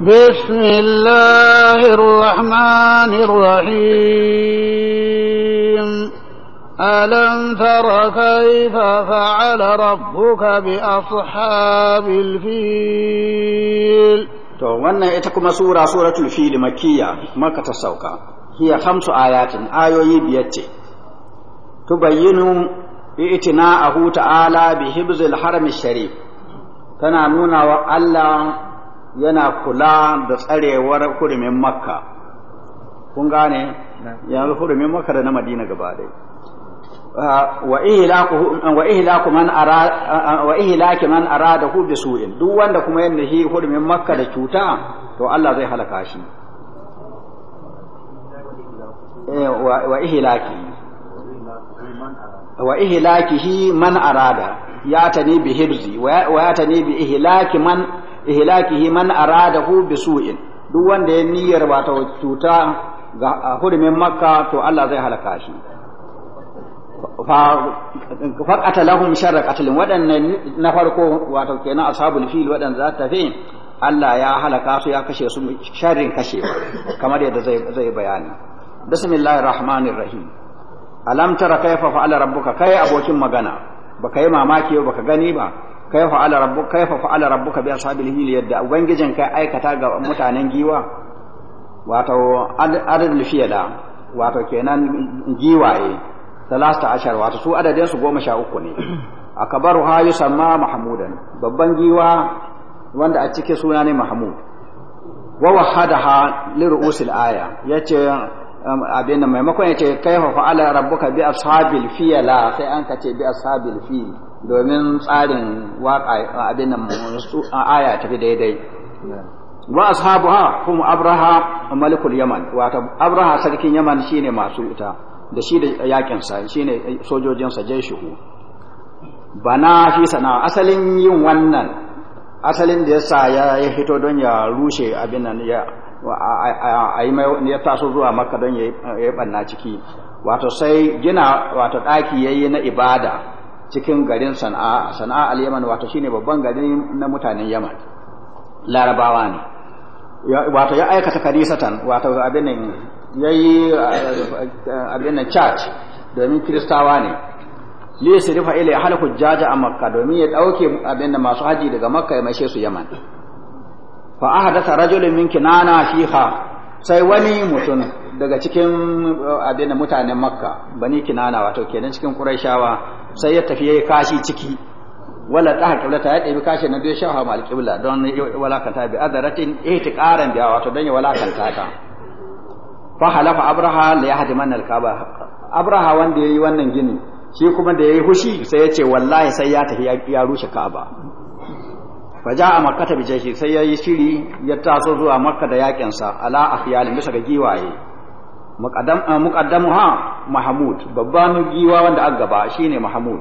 بسم الله الرحمن الرحيم ألم تر كيف فعل ربك بأصحاب الفيل to wannan ita kuma sura suratul fil makkiya maka ta sauka hiya khamsu ayatin ayoyi biyar ce tubayyinu ahu ta'ala bi hibzil harami sharif tana nuna wa Allah yana kula da tsarewar hurumin makka kun gane yanzu hurumin makka da na madina gaba dai ah, wa ihlaku man ara da hu bi su'in duk wanda kuma yanda shi hurumin makka da cuta to Allah zai halaka shi eh, wa ihlaki wa ihlakihi man arada ya tani bi hibzi wa ya tani bi ihlaki man ihlakihi man aradahu bi su'in duk wanda ya niyyar wato cuta ga hurumin makka to Allah zai halaka shi fa lahum sharra qatlin waɗannan na farko wato kenan ashabul fil waɗanda za ta fi Allah ya halaka su ya kashe su sharrin kashewa kamar yadda zai bayani bismillahir rahmanir rahim alam tara kayfa fa'ala rabbuka kai abokin magana baka yi mamaki ba baka gani ba kai fa'ala rabbuka kai fa'ala rabbuka bi ashabil hil yadda ubangijin ka aikata ga mutanen giwa wato adadul fiyala wato kenan giwaye talasta ashar wato su adadin su goma sha uku ne akabaru ha yusamma mahmudan babban giwa wanda a cike suna ne mahmud wa wahadaha li ru'usil aya yace abin nan maimakon yace kaifa fa'ala rabbuka bi ashabil fiyala sai an ka ce bi ashabil fil domin tsarin waƙa abin nan aya ta fi daidai wa ha kuma abraha malikul yaman wato abraha sarkin yaman shine masu ita da shi da yakin sa shine sojojin sa shihu bana fi sana asalin yin wannan asalin da yasa ya hito don ya rushe abin nan ya a mai ya taso zuwa makka don ya yi banna ciki wato sai gina wato ɗaki yayi na ibada cikin garin sana'a sana'a al-yaman wato shine babban gari na mutanen yaman larabawa ne wato ya aikata karisatan wato abin ya yayi eh, abin church domin kristawa ne li sirifa ila halku jaja a makka domin ya ɗauke abin da masu haji daga makka ya mashe su yaman fa ahadatha rajulun min kinana fiha sai wani mutum daga cikin eh, abin mutanen makka bani kinana wato kenan cikin quraishawa sai ya tafi yayi kashi ciki wala ta hakibla ya ɗebi kashi na bai shafa mal alƙibla don walakanta bi adaratin ihtiqaran biya wato don ya walakanta ta fa halafa abraha la al alkaba abraha wanda yayi wannan gini shi kuma da yayi hushi sai ya ce wallahi sai ya tafi ya rushe ka'aba fa ja'a makkata bi jayshi sai yayi shiri ya taso zuwa makka da yakin sa ala akhyal bisa ga giwaye Ah, ha mahmud babban giwa wanda aka gaba shine mahmud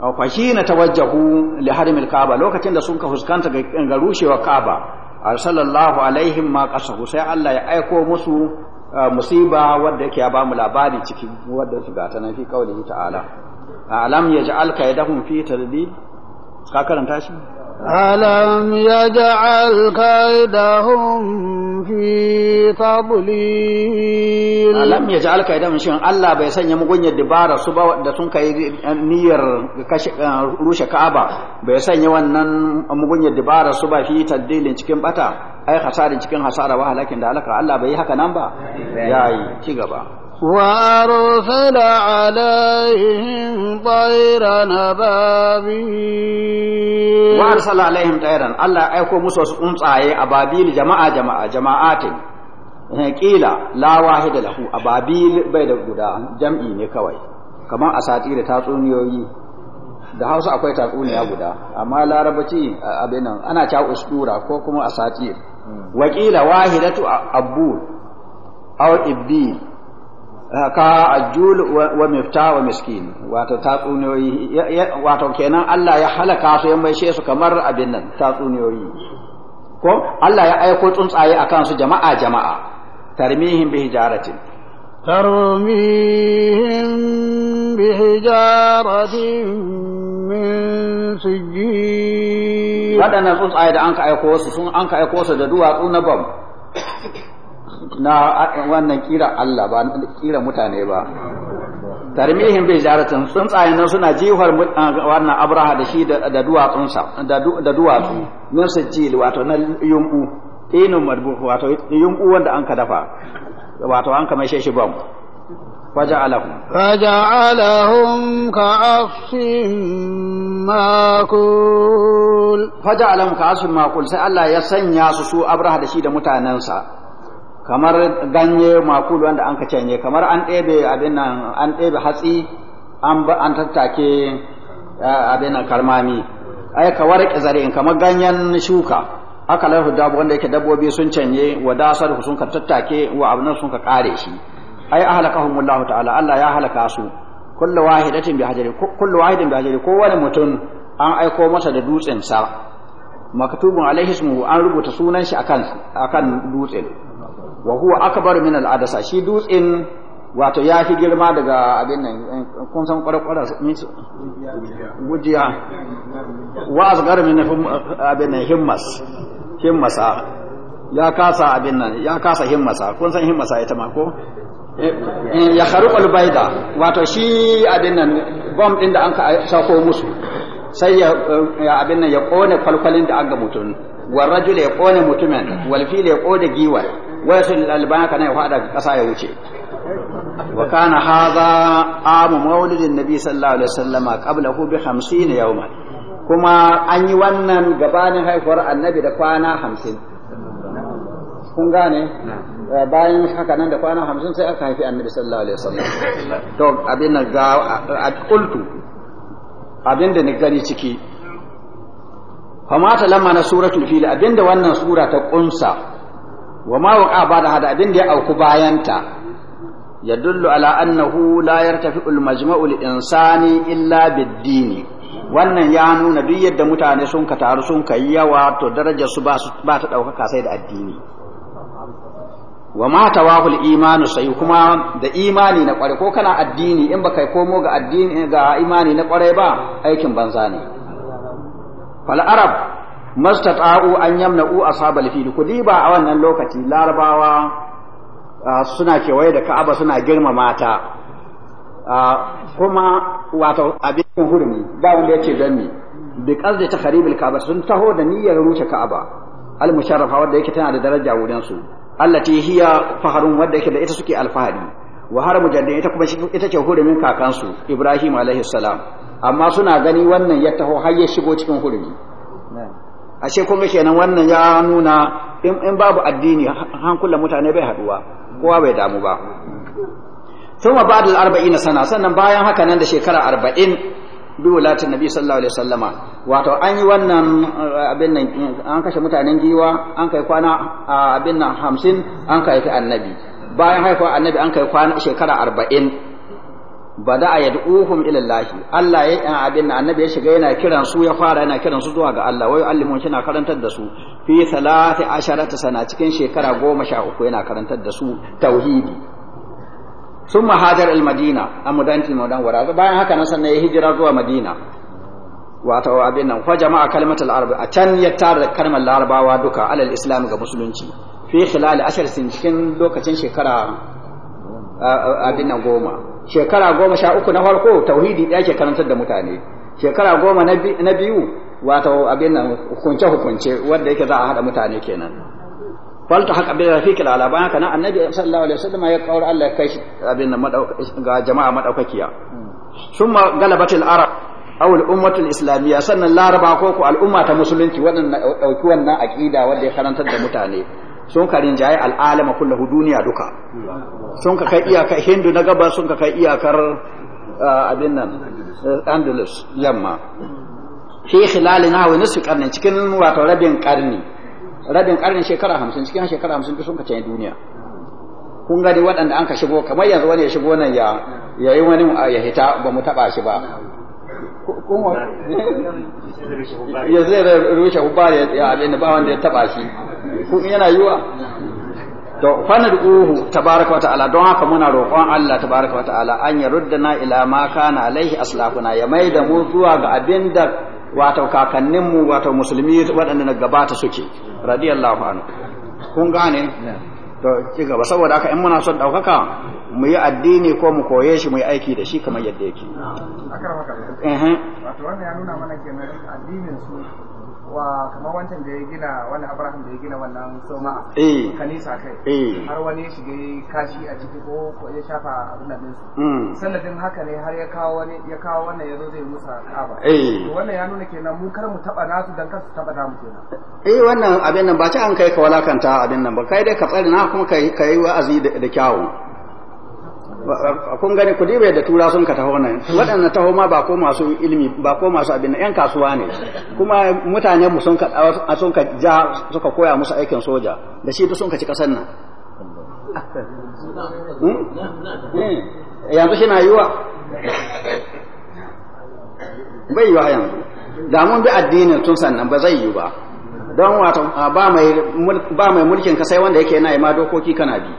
ah, fa shine tawajjahu li harimil kaaba lokacin da sun ka fuskanta ga rushewa kaaba ah, sallallahu alaihi ma qasahu sai Allah ya aiko musu musiba wanda yake ya bamu labari ciki wadda su gata nan fi kaulihi ta'ala alam yaj'al kaidahum fi tadlil ka karanta shi ألم يجعل كيدهم في تضليل ألم يجعل كيدهم شيئا الله بيسن يمغن يدبار سبا da sun kai niyyar rushe Ka'aba bai sanya wannan mugunyar dibara su ba fi cikin bata ai hasarin cikin hasara ba halakin da alaka Allah bai yi haka nan ba yayi ci gaba وأرسل عليهم طيرا أبابيل وأرسل عليهم طيرا الله أيكو موسى تنصاي أبابيل جماعة جماعة جماعات قيل لا واحد له أبابيل بيد غدا جمعي نكوي كما أساتير تاتون يوي da Hausa akwai tatsuniya guda amma larabaci abin ana cewa ustura ko kuma asatir wakila wahidatu abul aw ibdil ka ajul wa mifta wa miskin wato tatsuniyoyi wato kenan Allah ya halaka su ya maishe su kamar abin nan tatsuniyoyi ko Allah ya aiko tsuntsaye akan su jama'a jama'a tarmihim bi hijaratin tarmihim bi hijaratin min sijji wadannan tsuntsaye da an ka aiko su sun an ka aiko su da duwatsu na bam na wannan kira Allah ba na kira mutane ba tarmihin bai jaratin tsuntsayen nan suna jihar wannan abraha da shi da duwatsunsa da duwatsu min ji wato na yunku inu marbu wato yunku wanda an ka dafa wato an ka mai shi bam فجعلهم فجعلهم كعصف ماكول فجعلهم كعصف sai Allah ya sanya su su abraha da shi da mutanansa kamar ganye makulu wanda an ka canye kamar an ɗebe abin nan an ɗebe hatsi an an tattake abin nan karmami ai ka warke in kamar ganyen shuka aka lahu dabu wanda yake dabbobi sun canye wa dasar sun ka tattake wa abin sun ka kare shi ai ahlakahum Allah ta'ala Allah ya halaka su kullu wahidatin bi hajari kullu wahidin bi hajari kowane mutum an aiko masa da dutsen sa maktubun alaihi ismuhu an rubuta sunan shi akan akan dutsen wa huwa akbar min al adasa shi dutsin wato ya fi girma daga abin nan kun san kwarkwara gujiya wa asgar min abin nan himmas himmasa ya kasa abin nan ya kasa himmasa kun san himmasa ita ma ko eh, ya al bayda wato shi abin nan bomb din da an ka sako musu sai ya abin nan ya kone kwalkwalin da an ga wa warrajul ya kone mutumin walfil ya kone giwar wai su lalban haka ne faɗa ƙasa ya wuce wa kana hadha amu maulidin nabi sallallahu alaihi wasallama qablahu bi 50 yawman kuma an yi wannan gabanin haihuwar annabi da kwana 50 kun gane eh, bayan haka nan da kwana 50 sai aka haifi annabi sallallahu alaihi wasallam to abin nan ga qultu abin da ni gani ciki famata lamma na suratul fil abinda wannan sura ta kunsa wa ma waqa ba da hada abin da ya auku bayanta ya dullu ala annahu la yartafi al-majma'u insani illa bid wannan ya nuna duk yadda mutane sun ka taru sun ka yi yawa to darajar su ba ta ɗaukaka sai da addini wa ma tawahul imanu sai kuma da imani na kware ko kana addini in baka komo ga addini ga imani na kware ba aikin banza ne fal arab mastata'u an yamna'u sabal fil kuɗi ba a wannan lokaci larabawa suna kewaye da ka'aba suna girmama ta kuma wato abin hurmi ba wanda yace don ni bi qasdi takharibil ka'aba sun taho da niyyar rushe ka'aba al musharrafa wanda yake tana da daraja wurin su allati hiya faharun wanda yake da ita suke alfahari wa har mujaddin ita kuma ita ce hurumin kakansu ibrahim alaihi salam amma suna gani wannan ya taho har ya shigo cikin hurumi ashe kuma kenan wannan ya nuna in babu addini hankulan mutane bai haduwa kowa bai damu ba thumma ba'da al-arba'in sana sannan bayan haka nan da shekara 40 bi wulatin nabi sallallahu alaihi wasallama wato an yi wannan uh, abin nan an kashe mutanen giwa an kai kwana uh, abin nan 50 an kai annabi bayan haifa annabi an kai kwana shekara arba'in. bada a yad'uhum ila ilallahi. Allah ya yi abin annabi ya shiga yana kiran su ya fara yana kiran su zuwa ga Allah wai allimun shi na karantar da su fi salati asharata sana cikin shekara goma sha uku yana karantar da su tauhidi sun mahajar al-madina a mudanci mudan wara bayan haka nan sannan ya hijira zuwa madina wato abin nan fa jama'a kalmatul arab a can ya tara kalmar larabawa duka alal islam ga musulunci fi khilal ashar sin cikin lokacin shekara abin nan goma shekara goma sha uku na farko tauhidi ɗaya ke karantar da mutane shekara goma na biyu wato abin nan hukunce hukunce wanda yake za a haɗa mutane kenan falta haka rafi rafiq ala bayan kana annabi sallallahu alaihi wasallam ya kawar Allah ya kai shi abin nan ga jama'a madaukakiya summa galabatil arab aw al ummatul islamiyya sannan laraba ko ko al umma ta musulunci wannan dauki wannan aqida wanda ya karantar da mutane sun ka rinjaye al'alama kullahu duniya duka sun ka kai iyakar hindu na gaba sun ka kai iyakar uh, abin nan uh, andalus yamma fi khilali nahwa nisfi karni cikin wato rabin karni. rabin karni shekara hamsin cikin shekara 50 sun ka canye duniya kun gani waɗanda an ka shigo kamar yanzu wani ya shigo nan ya yi wani uh, ya hita ba mu taɓa shi ba kuma ya zai rushe hubbar ya abin ba wanda ya taɓa shi ko in yana yiwa to uhu tabaraka wa ta'ala don haka muna roƙon Allah tabaraka wa ta'ala an ya ruddana ila ma kana alaihi aslafuna ya da mu zuwa ga abinda wato mu wato musulmi waɗanda na gabata suke radiyallahu anhu kun gane to ki gaba saboda haka in muna son ɗaukaka mu yi addini ko mu koye shi mu yi aiki da shi kamar yadda yake. Eh. wato wannan ya nuna mana kenan addinin su wa kamar wancan da ya gina wannan abraham da ya gina wannan soma eh. kanisa kai eh. har wani ya shiga kashi a ciki ko ya shafa abin da su hmm. sanadin haka ne har ya kawo wani ya kawo wannan zai musa kaba eh. wannan ya nuna kenan mu kar mu taba nasu dan kar su taba damu kenan eh wannan abin nan ba ci an kai ka walakanta abin nan ba kai dai ka tsare na kuma kai kai wa'azi da kyawu kun gani ku dibe da tura sun ka taho nan waɗannan taho ma ba ko masu ilimi ba ko masu abin yan kasuwa ne kuma mutanen mu sun ka sun ka ja suka koya musu aikin soja da shi sun ka ci kasar nan hmm? eh, yanzu shi na yiwa bai yiwa yanzu da mun bi addinin tun sannan ba zai yi ba don wato ba mai mulkin ka sai wanda yake yana yi ma dokoki kana bi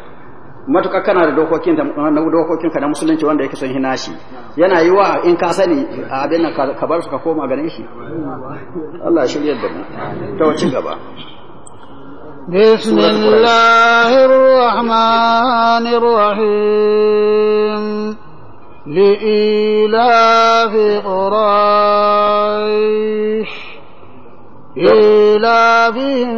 matuƙa kana da dokokin da dokokin ka na musulunci wanda yake son hina shi yana yi wa in ka sani a abin nan ka bar su ka koma ganin shi Allah ya shirya da mu ta wacce gaba بسم الله الرحمن الرحيم لإيلاف قريش إيلافهم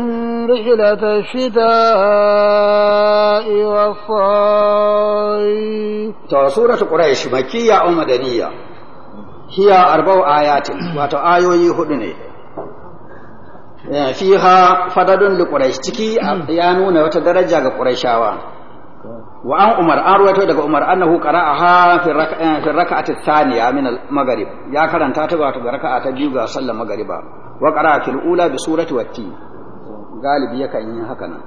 رحلة الشتاء والصيف سورة قريش مكية أو مدنية هي أربع آيات واتو آيو يهدني فيها li لقريش تكي ya وتدرجة قريشاوان wa an umar an ruwaito daga umar annahu qara'aha fi rak'ati eh, rak'ati thaniya min al-maghrib ya karanta ta wato ga raka'a ta biyu ga sallar maghriba wa qara'atil ula bi surati watti galibi yakan yi haka nan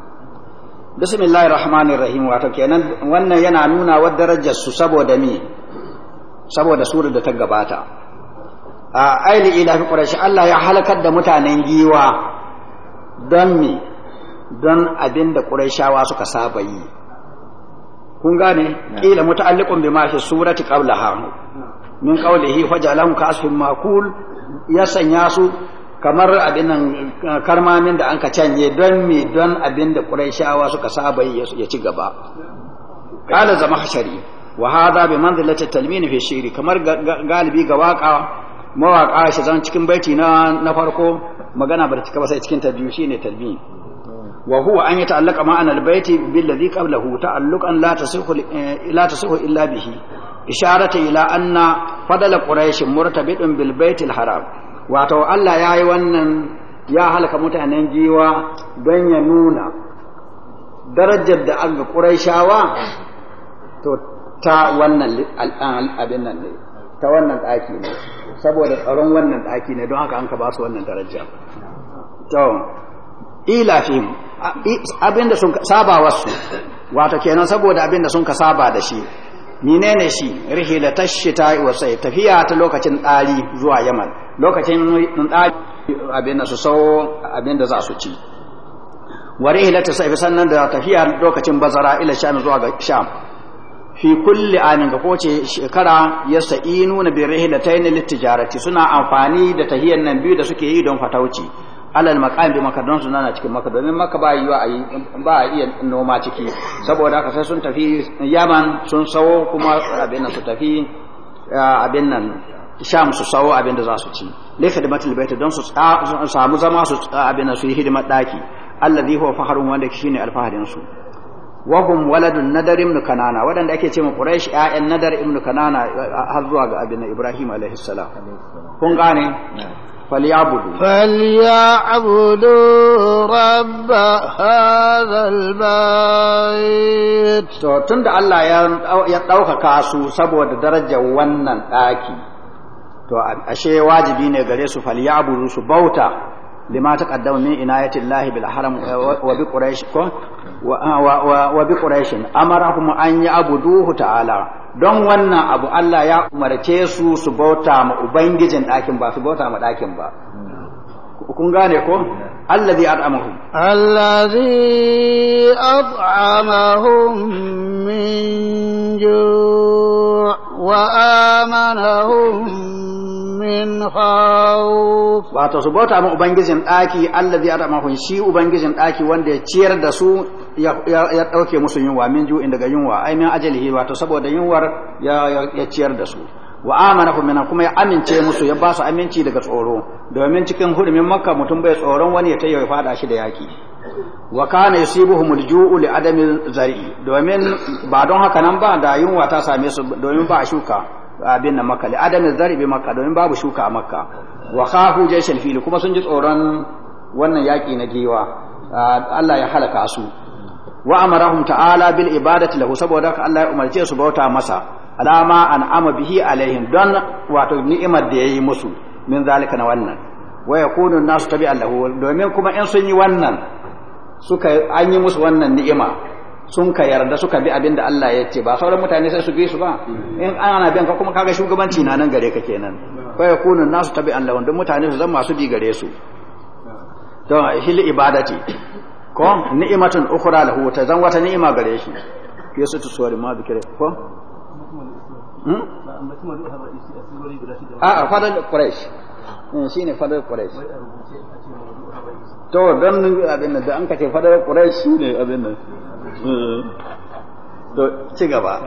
bismillahir rahmanir rahim wato kenan wannan yana nuna wa darajar su saboda me saboda surar da ta gabata a aili ila fi quraish Allah ya halakar da mutanen giwa don me don abinda qurayshawa suka saba yi kun gane kila muta'alliqun bima fi surati qablaha min qawlihi fajalahu ka asfin makul ya sanya su kamar abin nan karmamin da anka canje don me don abin da quraishawa suka saba yi ya ci gaba qala zamahshari wa hadha bi manzilati talmin fi shiri kamar galibi ga waka mawaka shi zan cikin baiti na na farko magana ba ta cika ba sai cikin ta biyu shine talmin wa an yi ta’allaka ma’anar baiti billazi hu ta’allukan lata suhu eh, illa bihi isharata ila anna fadala ƙuraishin murtabitin bilbaitin haram wato Allah ya yi wannan ya halka mutanen jiwa don ya nuna darajar da an ga ƙuraishawa ta wannan al’abin ne ta wannan ɗaki ne saboda tsaron wannan ɗaki ne don haka an ka ba su wannan darajar ila fi abinda sun saba wasu wato kenan saboda abinda sun ka saba da shi menene shi rihilatash shita wa sai tafiya ta lokacin dari zuwa yaman lokacin dari abinda su sau abinda za su ci wa ta sai sannan da tafiya lokacin bazara ila sham zuwa ga sham fi kulli amin ga koce shekara ya sa'inu na bi rihilatayn litijarati suna amfani da tahiyar nan biyu da suke yi don fatauci alal maqam bi maka don suna cikin maka domin maka ba yi ba a iya noma ciki saboda haka sai sun tafi yaman sun sawo kuma abin nan su tafi abin nan sham su sawo abin da za su ci li khidmatil bait don su samu zama su abin nan su yi hidimar daki allazi huwa faharun wanda shine alfaharin su waladun nadar ibn kanana waɗanda ake ce ma quraish ƴaƴan nadar ibn kanana har zuwa ga abin ibrahim alaihi salam kun gane فليعبدوا فليعبدوا رب هذا البيت to tunda Allah ya ya daukaka su saboda darajar wannan daki to ashe wajibi ne gare su falyabudu su bauta lima taqaddama min inayatillahi bil haram wa bi quraish ko Ah, wa bi quraishin amarahum an ya'buduhu ta'ala don wannan abu Allah ya umarce su su bauta ma ubangijin dakin ba su bauta ma dakin ba kun gane ko allazi at'amahum allazi at'amahum min ju' وآمنهم min wato su bauta ma ubangijin daki allazi adamahum shi ubangijin daki wanda ya ciyar da su ya dauke musu yunwa min ju'in daga yunwa ai min ajalihi wato saboda yunwar ya ciyar da su wa amanahum min kuma ya amince musu ya ba su aminci daga tsoro domin cikin hudumin makka mutum bai tsoron wani ya ya fada shi da yaki wa kana yusibuhum al-ju'u li adami zari'i domin ba don haka nan ba da yunwa ta same su domin ba a shuka abin nan makka li adami zari'i bi makka domin babu shuka a makka wa khafu jaysal fil kuma sun ji tsoron wannan yaki na giwa Allah ya halaka su wa amarahum ta'ala bil ibadati lahu saboda haka Allah ya umarce su bauta masa alama an ama bihi alaihim don wato ni'imar da yayi musu min zalika na wannan wa yakunu an-nasu tabi'a lahu domin kuma in sun yi wannan suka an yi musu wannan ni'ima sun ka yarda suka bi abin da Allah ya ce ba sauran mutane sai su bi su ba in ana bin ka kuma kaga shugabanci na nan gare ka kenan fa yakunu nasu tabi'an lawan duk mutane su zama su bi gare su to hil ibadati ko ni'matun ukhra lahu ta zan wata ni'ima gare shi yesu tu suwari ma bikire ko a a fadal quraish Mm, shi ne fadar Quraysh to don abin da an kace fadar shi ne abin nan mm. to ci gaba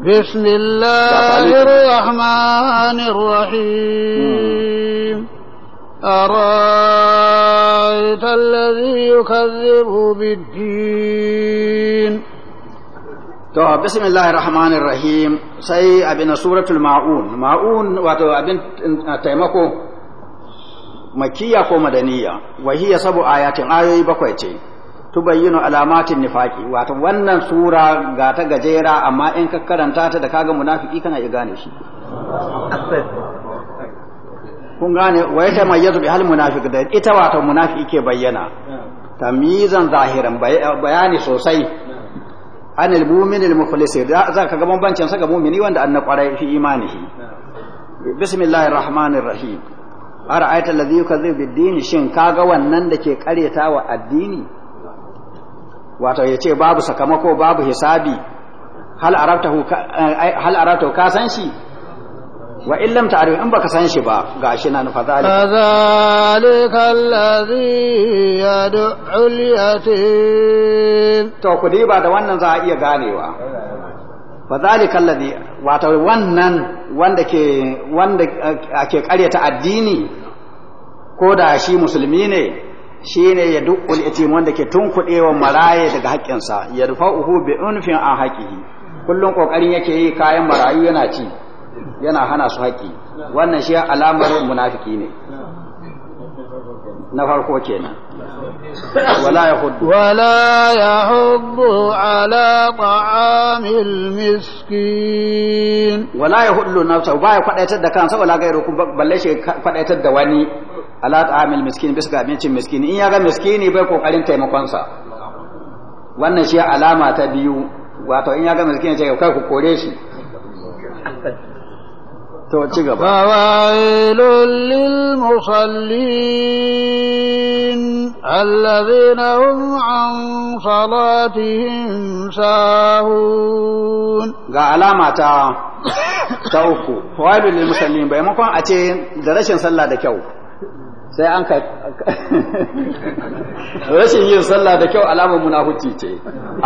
بسم الله الرحمن الرحيم أرأيت الذي يكذب بالدين to bismillahir rahmanir rahim sai abin suratul maun maun wato abin taimako makiyya ko madaniya wa hiya sabu ayatin ayoyi bakwai ce tubayyinu alamatin nifaqi wato wannan sura ga ta gajera amma in ka karanta ta da kaga munafiki kana iya gane shi kun gane wa ya tamayyazu bi hal munafiq da ita wato munafiki ke bayyana tamizan zahiran bayani sosai anil mu'min al mukhlis za ka ga bambancin sa ga mu'mini wanda an na kwarai fi imanihi bismillahir rahmanir rahim ara'aita allazi yukazzibu bid-din shin kaga wannan da ke kareta wa addini wato yace babu sakamako babu hisabi hal arabtahu eh, hal arabtahu ka san shi wa illam in baka san shi ba gashi na nufa zalika zalika allazi yad'u al-yatim to ku ba da wannan za a iya ganewa fa zalika allazi wato wannan wanda ke wanda eh, ake karyata addini ko da shi musulmi ne shi ne ya al-yatim wanda ke tunkudewa maraye daga haƙƙinsa ya rufa bi unfin an haƙihi kullum ƙoƙarin yake yi kayan marayu yana ci yana hana su haƙi wannan shi alamar munafiki ne na farko kenan wala ya hudu wala ya hudu ala ta'amil miskin wala ya hudu nafsa ba ya kwadaitar da kansa wala gairu balle shi kwadaitar da wani ala ta'amil miskin bisa ga abincin miskin in ya ga miskini bai kokarin taimakonsa wannan shi alama ta biyu wato in ya ga miskini ce kai ku kore shi to ci gaba fawailul lil musallin alladhina sahun ga alama ta uku fawailul lil musallin bai makon a ce da rashin sallah da kyau sai an ka rashin yin sallah da kyau alamar munafuci ce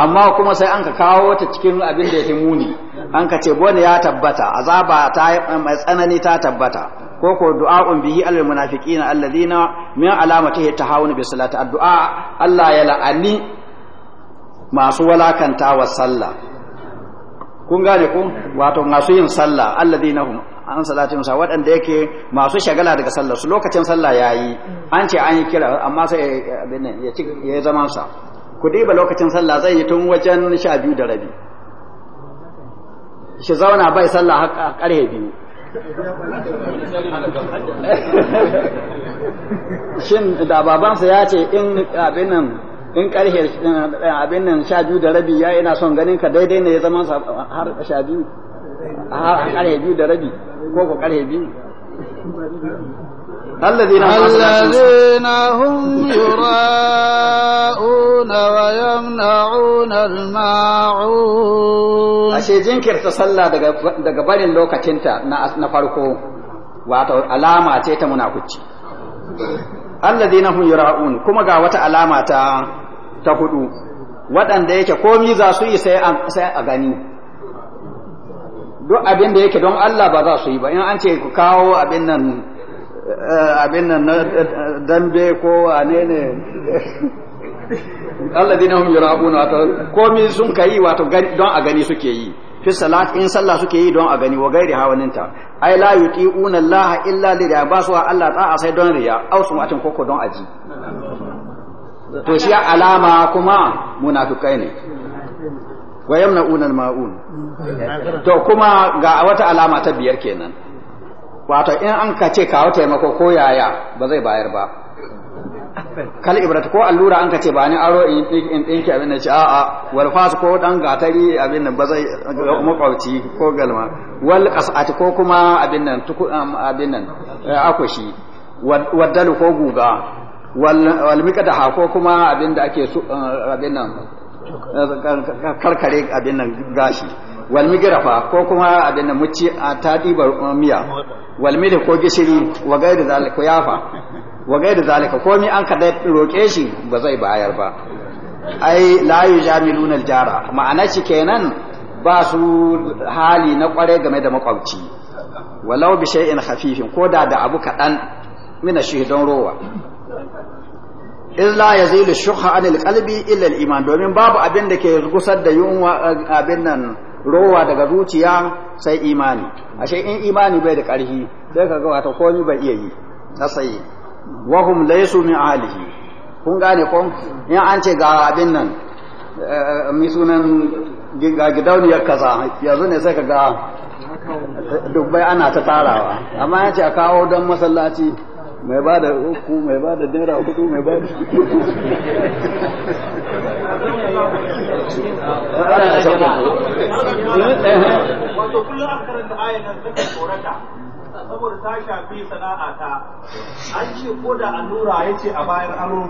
amma kuma sai an ka kawo ta cikin abinda da yake muni an ka ce bone ya tabbata azaba ta eh, mai tsanani ta tabbata ko ko du'a'un bihi alal munafiqina alladhina min alamatihi tahawun bi salati addu'a Allah ya la'ani masu walakanta wa sallah kun gane ku wato masu yin sallah alladhina hum an salati musa waɗanda yake masu shagala daga sallah su lokacin sallah yayi an ce an yi kira amma sai eh, ya ci ya zaman sa kudi ba lokacin sallah zai yi tun wajen 12 da rabi shi zauna bai sallah a karhe biyu shin da babansa ya ce in abin nan in karhe abin nan sha biyu da rabi ya ina son ganin ka daidai ne ya zama har sha biyu a karhe biyu da rabi ko ko karhe biyu الذين الذين هم يراءون ويمنعون الماعون ashe jinkirta sallah daga daga lokacinta na farko wato alama ce ta munafici alladhina hum yura'un kuma ga wata alama ta ta waɗanda yake komi za su yi sai a gani duk abin da yake don Allah ba za su yi ba in an ce ku kawo abin nan Eh, abin nan na eh, dambe ko wane ne Allah dina hum yurabuna wato komi sun kai wato don a gani suke yi fi salat in sallah suke yi don a gani wa gairi hawaninta ai la yuti'una Allah illa li riya ba su Allah ta'a sai don riya au sumatin koko don aji to shi alama kuma munafikai ne wa yamna'una al-ma'un to kuma ga wata alama ta biyar kenan wato in an ka ce kawo taimako ko yaya ba zai bayar ba kal ibrat ko allura an ka ce ba ni aro in ɗinki abin da ce a'a wal fas ko dan gatari abin nan ba zai makauci ko galma wal qas'at ko kuma abin nan tuku abin nan eh, akushi waddalu ko guga wal miqdaha ko kuma abin da ake eh, abin nan eh, karkare abin nan gashi walmi girafa ko kuma abin da muci a ba uh, miya walmi da ko gishiri wa da zalika yafa wa da zalika mi an ka roƙe shi ba zai bayar ba ai la yujamiluna jara ma'ana shi kenan ba su hali na kware game da makwabci walau bi shay'in khafifin ko da da abu kadan mina don rowa illa ya zai da shuha anil kalbi illa iman domin babu abin da ke gusar da yunwa uh, abin nan rowa daga zuciya sai imani ashe in imani bai da ƙarfi sai kaga wata komi bai iya yi na sai wahum laysu min alihi kun gane ko in an ce ga abin nan eh, mi sunan ga ya kaza yanzu ne sai ka ga dubbai ana ta tarawa amma ya ce a kawo don masallaci mai ba da uku mai ba da dera hudu mai ba da wato kullum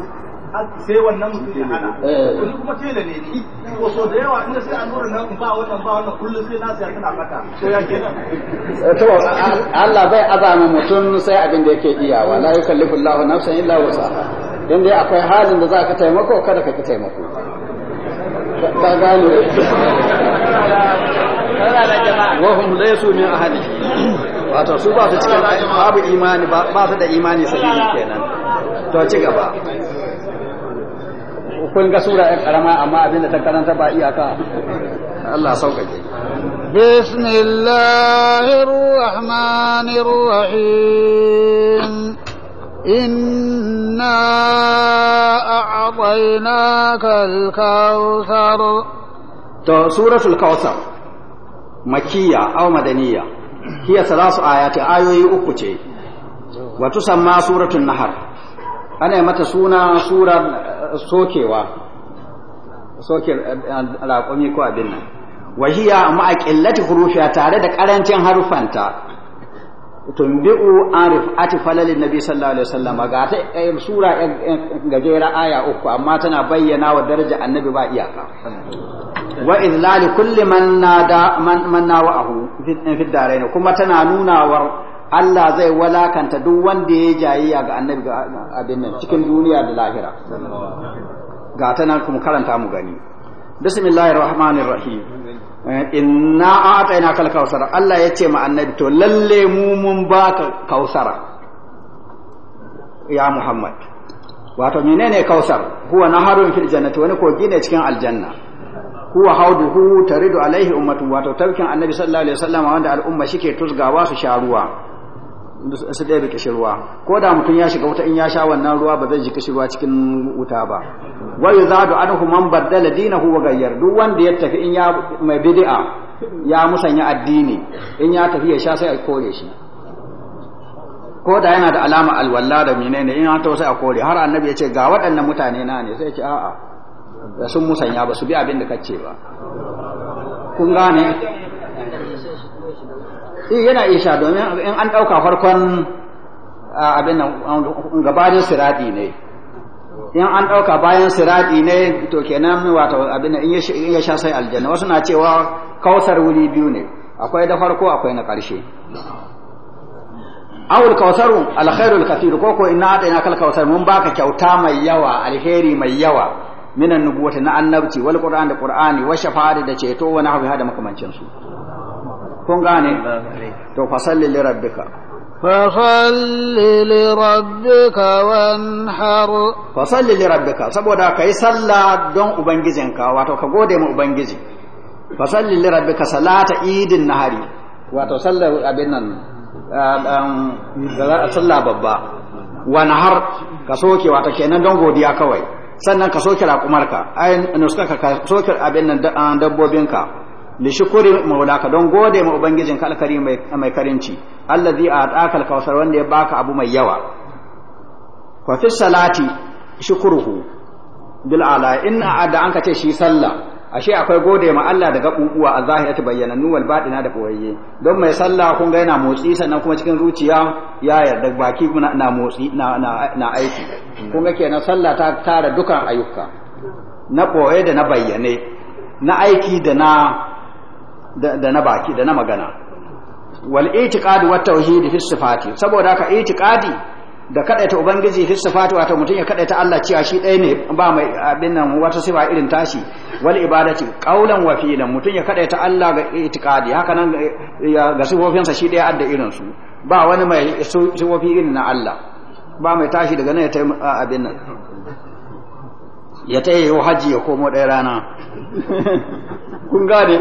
sai wannan mutum ya hana wani eh. kuma da ne ni ko so da yawa inda sai allura nan ba wannan ba wannan kullum sai na tana mata to ya ke eh, Allah bai azama mutum sai abin da yake iyawa la yukallifu Allahu nafsan illa wusaha dan akwai halin da zaka taimako kada ka ki taimako ka gane wahum laysu min ahli wato su ba ta cikin babu imani ba su da imani sahihi kenan to ci gaba kun ga sura ɗan ƙarama amma abinda ta karanta ba iyaka Allah sauƙaƙe. Bismillahirrahmanirrahim. إنا أعطيناك الكوثر سورة الكوثر مكية أو مدنية هي ثلاث آيات آيوي أكوتي وتسمى سورة النهر أنا متى سونا سورة سوكيوا soke raƙumi ko abin nan wahiya amma a ƙillati hurufiya tare da ƙarancin harufanta tumbi'u arif ati falalin nabi sallallahu alaihi wasallam ga ta eh, sura eh, eh, gajera aya uku amma tana bayyana wa daraja annabi ba iyaka wa izlali kulli man nada man nawa'ahu fi darain kuma tana nuna wa Allah zai walakanta duk wanda ya jayayya ga annabi ga abin nan cikin duniya da lahira ga ta nan kuma karanta mu gani bismillahir rahmanir rahim inna a'tayna kal kausara Allah ya ce ma annabi to lalle mu mun baka kausara ya Muhammad wato menene kausar huwa naharun fil jannati wani kogi ne cikin aljanna huwa hauduhu taridu alaihi ummatu wato tafkin annabi sallallahu alaihi wasallam wanda al'umma shike tusgawa su sha ruwa su ɗaya kishirwa ko da mutum ya shiga wuta in ya sha wannan ruwa ba zai ji kishirwa cikin wuta ba wa yuzadu anhu man baddala dinahu wa gayyar duk wanda ya tafi in ya mai bid'a ya musanya addini in ya tafi ya sha sai a kore shi ko da yana da alama alwala da menene in ya sai a kore har annabi ya ce ga waɗannan mutane na ne sai ya ce a'a sun musanya ba su bi abin da kace ba kun gane Eh, yana iya sha domin in an ɗauka farkon abin nan gabanin siradi ne in an ɗauka bayan siradi ne to kenan wato abin in ya sha sai aljanna wasu na cewa kautar wuri biyu ne akwai da farko akwai na ƙarshe awul kausaru alkhairul kathir ko ko inna ataina kal kausar mun baka kyauta mai yawa alheri mai yawa minan nubuwati na annabci wal qur'an da qur'ani wa shafa'a da ceto wa nahwi hada makamancin su kun gane to fasalli li rabbika fasalli li rabbika wanhar fasalli li rabbika saboda kai sallah don ubangijinka wato ka gode ma ubangiji fasalli li rabbika salata idin nahari wato sallar abin nan um, sallah babba wanhar ka soke wato kenan don godiya kawai sannan ka soke raƙumarka ai nuska ka soke abin nan um, dabbobinka li shukuri maulaka don gode ma ubangijin ka mai karinci allazi a hadaka alkawsar wanda ya baka abu mai yawa wa fi salati shukuruhu bil ala in da an ce shi sallah ashe akwai gode ma Allah daga kubuwa a zahirati bayyanannu wal badina da boyayye don mai sallah kun ga yana motsi sannan kuma cikin zuciya ya yarda baki na motsi na na aiki kun ga kenan sallah ta tara dukan ayyuka na boye da na bayyane na aiki da na da na baki da na magana wal itiqad wa tauhid fi sifati saboda ka itiqadi da kadaita ubangiji fi sifati wato mutum ya kadaita Allah cewa shi dai ne ba mai abin nan wata sifa irin tashi wal ibadati qaulan wa fi'lan mutum ya kadaita Allah ga itiqadi haka nan ga sifofinsa shi dai adda irin su ba wani mai sifofi irin na Allah ba mai tashi daga nan ya tai abin nan ya tayi haji ya komo ɗaya rana kun gane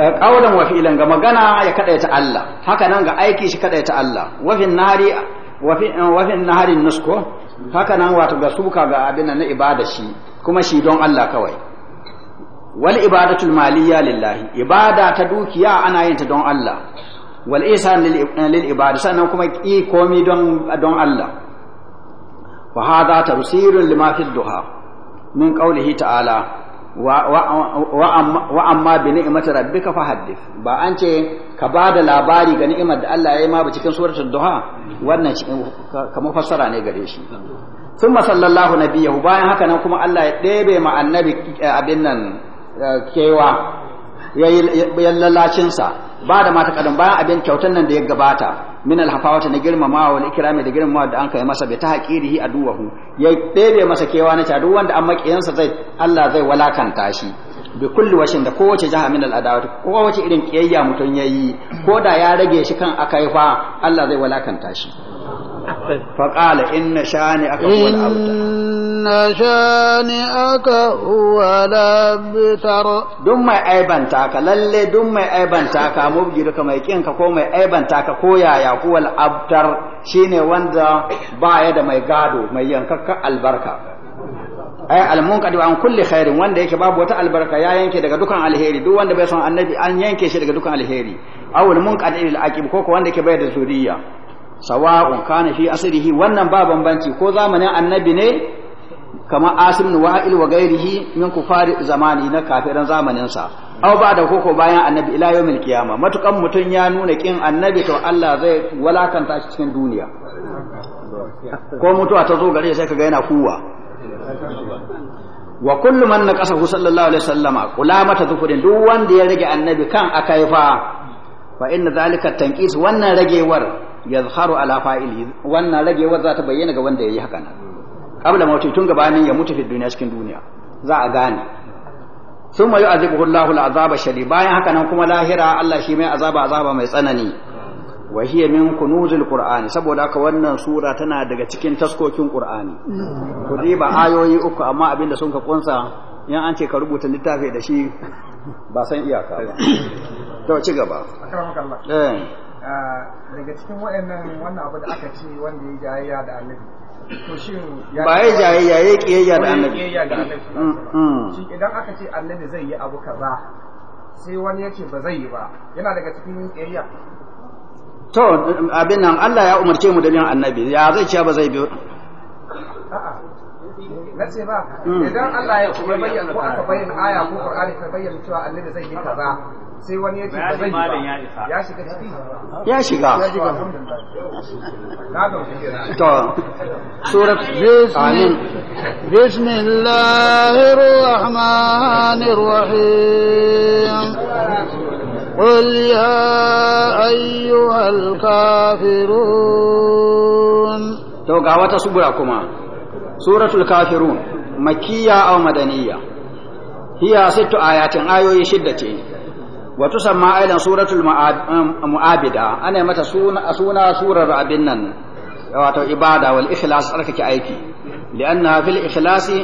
Eh, qaulan wa ga magana ya kadaita Allah haka nan ga aiki shi ta Allah wa fi wa fi eh, wa fi nusko haka nan wato ga suka ga abin na ibada shi kuma shi don Allah kawai wal ibadatul maliyya lillahi ibada ta dukiya ana yin ta don Allah wal ihsan lil eh, ibada sannan kuma ki komi don Allah wa hada tafsirun lima fi duha min qawlihi ta'ala wa amma bi ni'imati rabbika fahaddith ba an ce ka ba da labari ga ni'imar da Allah ya yi ma ba cikin suratul duha wannan ka mafassara ne gare shi thumma sallallahu nabiyahu bayan haka nan kuma Allah ya ɗebe ma annabi eh, abin nan eh, kewa ya yi lallacinsa ba da mata kadan bayan abin kyautan nan da ya gabata min alhafawata na girmamawa wal ikrami da girmamawa da an kai masa bi ta haqirihi aduwahu ya ɗebe masa kewa na duk wanda an sa zai Allah zai walakanta shi bi kulli washin da kowace jaha min al'adawat kowace irin kiyayya mutun yayi ko da ya rage shi kan akai fa Allah zai walakanta shi فقال إن شانئك هو الأبتر إن شانئك هو الأبتر دم ما أيبان تاكا للي دم ما أيبان تاكا مبجر كما يكين كو ما تاكا كويا يا هو الأبتر شيني وانزا بايد ما يقادو ما ينكك البركة ai almunqadi an kulli khairin wanda yake babu wata albarka ya yanke daga dukan alheri duk wanda bai son annabi an yanke shi daga dukan alheri aw almunqadi lil aqib ko ko wanda yake bai da zuriya sawa'un kana fi asrihi wannan ba bambanci ko zamanin annabi ne kamar asim wa wa'il wa gairihi min kufari zamani na kafiran zamaninsa aw ba da koko bayan annabi ila yawmil qiyama matukan mutun ya nuna kin annabi to Allah zai walakanta shi cikin duniya ko mutuwa ta zo gare sai kaga yana kuwa wa kullu man naqasahu sallallahu alaihi wasallama qulamata zufurin duk wanda ya rage annabi kan akaifa fa inna zalika tanqis wannan ragewar yazharu ala fa'ili wannan ragewar za ta bayyana ga wanda yayi haka nan Kabla mauti tun gabanin ya mutu fi duniya cikin duniya za a gane summa azabu Allahu azaba shari bayan haka nan kuma lahira Allah shi mai azaba azaba mai tsanani wa hiya min kunuzil qur'ani saboda haka wannan sura tana daga cikin taskokin qur'ani ku ba ayoyi uku amma abinda sun ka kunsa in an ce ka rubuta littafi da shi ba san iyaka ba to ci gaba daga cikin waɗannan wannan abu da aka ce wanda ya jayayya da annabi to shin ba ya jayayya ya kiyayya da annabi mm, mm. shi idan aka ce annabi zai yi abu kaza sai wani ya ce ba zai yi ba yana daga cikin kiyayya to abin nan Allah ya umarce mu da yin annabi ya zai ce ba zai bi na ce ba mm. idan Allah ya bayyana ko aka bayyana aya ko Qur'ani ta bayyana cewa annabi zai yi kaza sai wani ya ce ba zai ba ya shiga ciki ya shiga to surat amin shiga. Ya shiga. قل يا أيها الكافرون تو غاوة سبرا سورة الكافرون مكية أو مدنية هي ست آيات آيو يشدتين wa tusamma aidan suratul um, mu'abida ana mata suna suna surar abin nan wato ibada wal ikhlas tsarkake aiki li'anna fil ikhlasi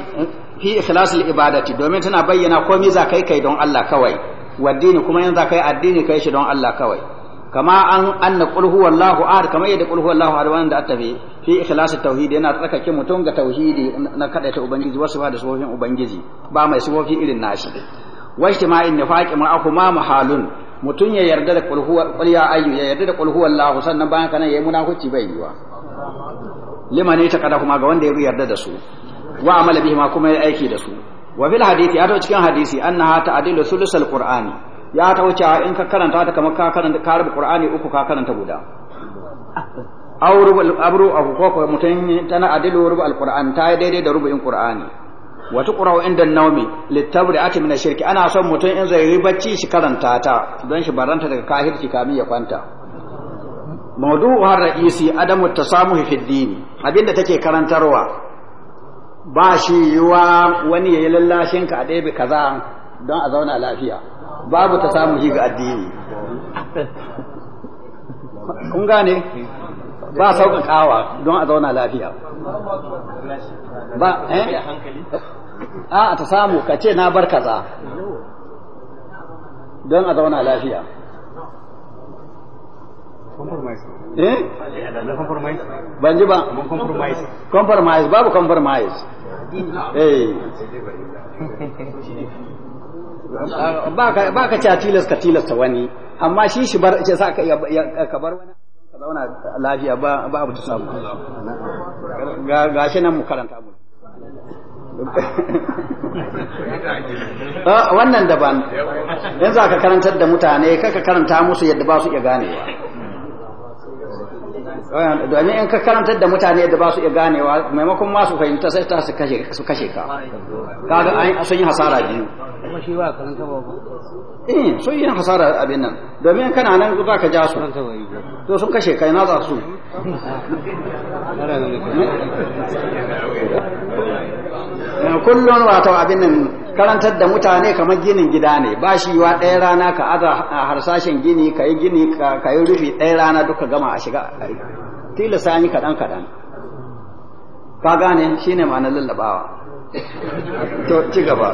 fi ikhlasil ibadati domin tana bayyana komai za kai kai don Allah kawai waddini kuma yanzu kai addini kai shi don Allah kawai kama an anna qul huwallahu ahad kama yadda qul huwallahu ahad wanda attafi fi ikhlasit tauhid yana tsarkake mutum ga tauhidi na ta ubangiji wasu ba da sufofin ubangiji ba mai sufofi irin nashi wa ijtima'in nifaqi ma'ahuma muhalun mutun ya yarda da هو huwa يا ya يرد ya yarda da qul huwallahu sannan bayan kana yayi munafici bai yiwa liman ne ta kada kuma ga wanda ya yarda da su wa amala bihi ma kuma ya aiki da su hadisi ya ta cikin hadisi annaha ta'dilu sulusul qur'ani ya ta wuce in ka karanta ta kamar ka karanta ka rubu qur'ani uku ka karanta guda aw abru abu ko mutum tana adilu rubu alqur'an ta daidai da rubu'in qur'ani wata ƙurawa inda naumi littabri ati mina shirki ana son mutum in zai yi bacci shi karanta ta don shi baranta daga kahirci kamin ya kwanta maudu'u har isi adamu ta fi dini abinda take karantarwa ba shi yiwa wani yayi lallashin ka a ɗebe kaza don a zauna lafiya babu tasamuhi ga addini kun gane ba kawa don a zauna lafiya ba eh a ta samu ka ce na bar kaza don a zauna lafiya eh ban ji ba compromise babu compromise eh ba ka ba ka tilasta tilasta wani amma shi shi bar ce sa ka bar wani ka zauna lafiya ba ba abu da samu ga ga shi nan mu karanta mu ah, wannan daban yanzu aka karantar da mutane ka karanta musu yadda ba su iya ganewa domin in ka karantar da mutane da ba su iya ganewa maimakon ma su fahimta sai ta su kashe ka kaga an sun yi hasara biyu kuma shi ba karanta ba eh sun yi hasara abin nan domin kana nan za ka ja su to sun kashe kai na za su Eh, kullum wato abin nan karantar da mutane kamar ginin gida ne ba shi wa ɗaya rana ka aza harsashin gini ka yi gini ka yi rufi ɗaya rana duka gama a shiga tilasta an yi kaɗan kaɗan ka gane shi ne ma'anar lallabawa to ci gaba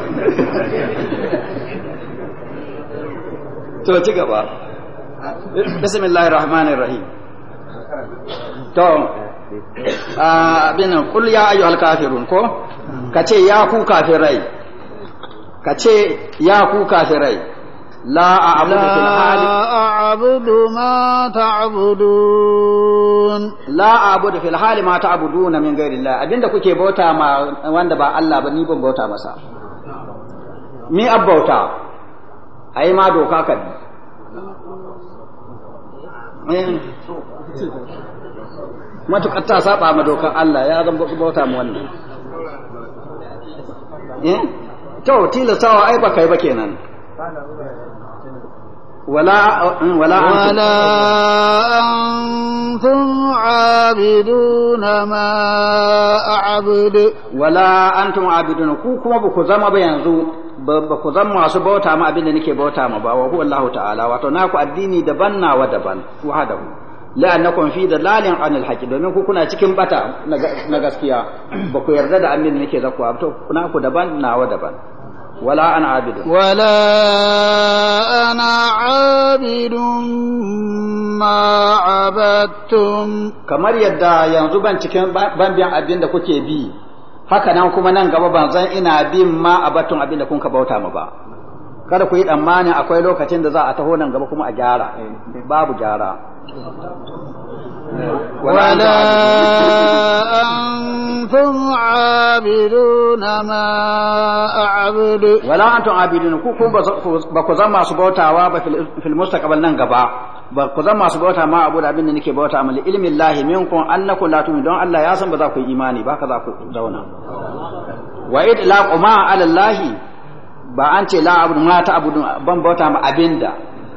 to ci gaba bismillahirrahmanirrahim rahmanir rahim to Ah, abin kul ya ayu kafirun ko ka ce ya ku kafirai ka ce ya ku kafirai la a'budu ma ta'budun la a'budu fil hali ma ta'buduna min ghairi Allah abinda kuke bauta ma wanda ba Allah ba ni ban bauta masa mi abauta ai ma doka kadi matuƙar ta saba ma dokan Allah ya zan bauta mu wannan eh to tilastawa ai ba kai ba kenan ولا ولا ولا أنتم عابدون ما أعبد ولا أنتم ba كوكما بكزما بينزو بكزما masu bauta ma abin nake bauta ma ba wa huwa Allah ta'ala wato naku addini daban na wa daban wahadahu la'annakum fi dalalin anil haqqi domin ku kuna cikin bata na gaskiya ba ku yarda da annin nake zakwa to kuna ku daban nawa daban wala ana abidun wala ana abidun ma abattum kamar yadda yanzu ban cikin ban biyan abin da kuke bi haka nan kuma nan gaba ban zan ina bin ma abattum abin da kun ka bauta mu ba kada ku yi tsammanin akwai lokacin da za a taho nan gaba kuma a gyara babu gyara ولا أنتم عابدون ما أعبد ولا أنتم عابدون كوكم بكوزا ما سبوتا وابا في المستقبل ننقبا بكوزا سبوتا ما أبود أبن نكي بوتا من علم الله منكم أنكم لا تؤمنون الله ياسم بذاكو إيماني بهكذا كوزونا وإطلاق ما على الله ba an ce la abu ma ta abu ban bauta ma abinda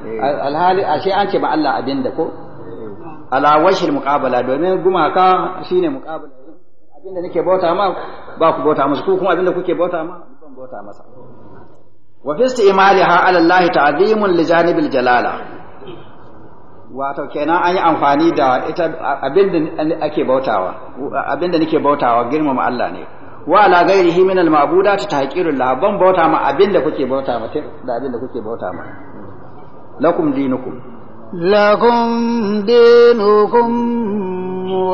eh. alhali ashe an ce ba Allah abinda ko ala washil muqabala domin gumaka shine muqabala abinda nake bauta ma ba ku bauta musu ku kuma abinda kuke bauta ma ban bauta masa wa fi istimaliha ala Allah ta'zimun li janibil jalala wato kenan an yi amfani da ita abinda ake bautawa abinda nake bautawa girmama Allah ne wa ala ghairihi min al ma'budat tahqirul la ban bauta ma abinda kuke bauta ma da abinda kuke bauta ma lakum dinukum lakum dinukum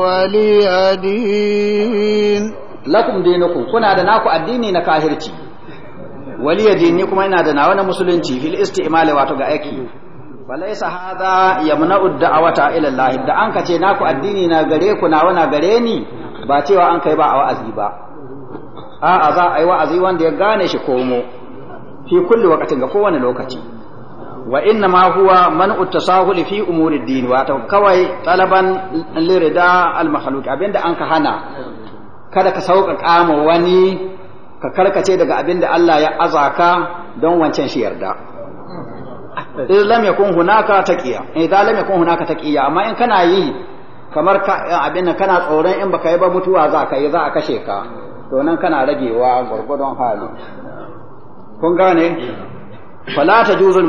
waliyadin lakum dinukum kuna da naku addini na kahirci waliyadin ni kuma ina da nawa na musulunci fil isti'mal wato ga aiki falaisa hadha yamna'u da'awata ila Allah da an kace naku addini na gare ku nawa na gare ni ba cewa an kai ba a wa'azi ba a'a za a yi wa'azi wanda ya gane shi komo fi kulli waqtin ga kowane lokaci wa inna ma huwa man'u tasahul fi umuri din wata kawai talaban lirida al makhluq abinda an ka hana kada ka sauka kama wani ka karkace daga abinda Allah ya azaka don wancan shi yarda idan lam yakun hunaka taqiya idan lam yakun hunaka taqiya amma in kana yi kamar abin kana tsoron in baka yi ba mutuwa za ka yi za a kashe ka to nan kana ragewa gwargwadon hali kun gane fala ta juzul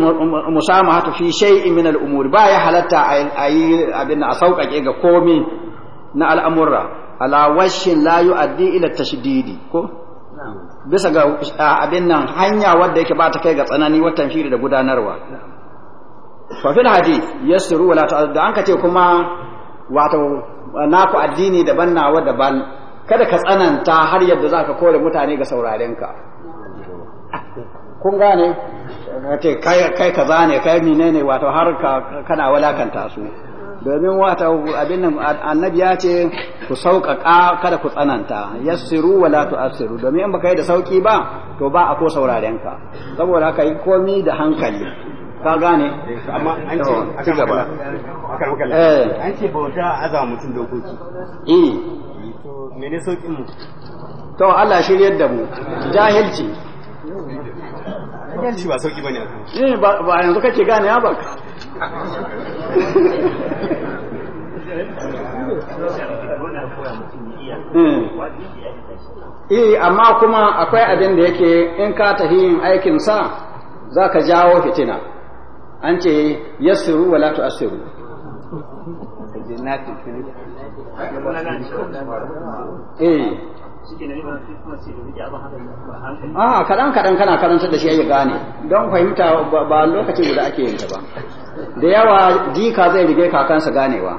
musamahatu fi shay'in min al-umur ba ya halatta ayi abin a sauƙaƙe ga komi na al'amurra ala washin la yu'addi ila tashdidi ko bisa ga abin nan hanya wadda yake ba ta kai ga tsanani watan shiri da gudanarwa fa fil hadith yasru wala ta'addu an ka ce kuma wato naku addini daban nawa daban kada ka tsananta har yadda za ka kore mutane ga saurarenka kun gane Wace kai kaza ne kai mine ne wato har ka kana walakanta su domin wata abin nan annabi ya ce ku sauƙaƙa kada ku tsananta yassiru wala tu'assiru domin in baka yi da sauƙi ba to ba a ko sauraren ka saboda haka yi komi da hankali ka gane amma an ce akan eh. an ce bauta azama mutum dokoki eh mene saukin mu to Allah shiryar da mu jahilci jahilci ba sauki bane eh ba ba yanzu kake gane ya baka hmm. Eh amma kuma akwai abin da yake in ka tafi yin aikin sa zaka jawo fitina an ce yasiru wala tu'assiru eh a ah, kaɗan kaɗan kana karanta da shi ya gane don fahimta ba lokacin guda ake yin ta ba da yawa jika zai rige kakansa ganewa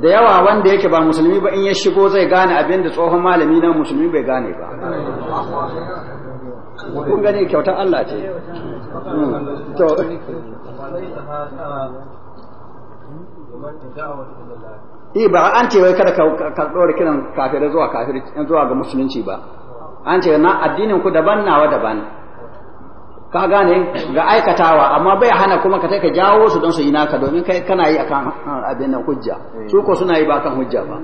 da yawa wanda yake ba musulmi ba in ya shigo zai gane abin da tsohon malami na musulmi bai gane ba kun gane kyautar Allah ce hmm. Eh ba an ce wai kada ka ɗora kiran kafir zuwa in zuwa ga musulunci ba. An ce na addinin ku daban nawa daban. Ka gane ga aikatawa amma bai hana kuma ka kai ka jawo su don su yi naka domin kai kana yi akan addinin ah, hujja. Su ko suna yi ba kan hujja ba.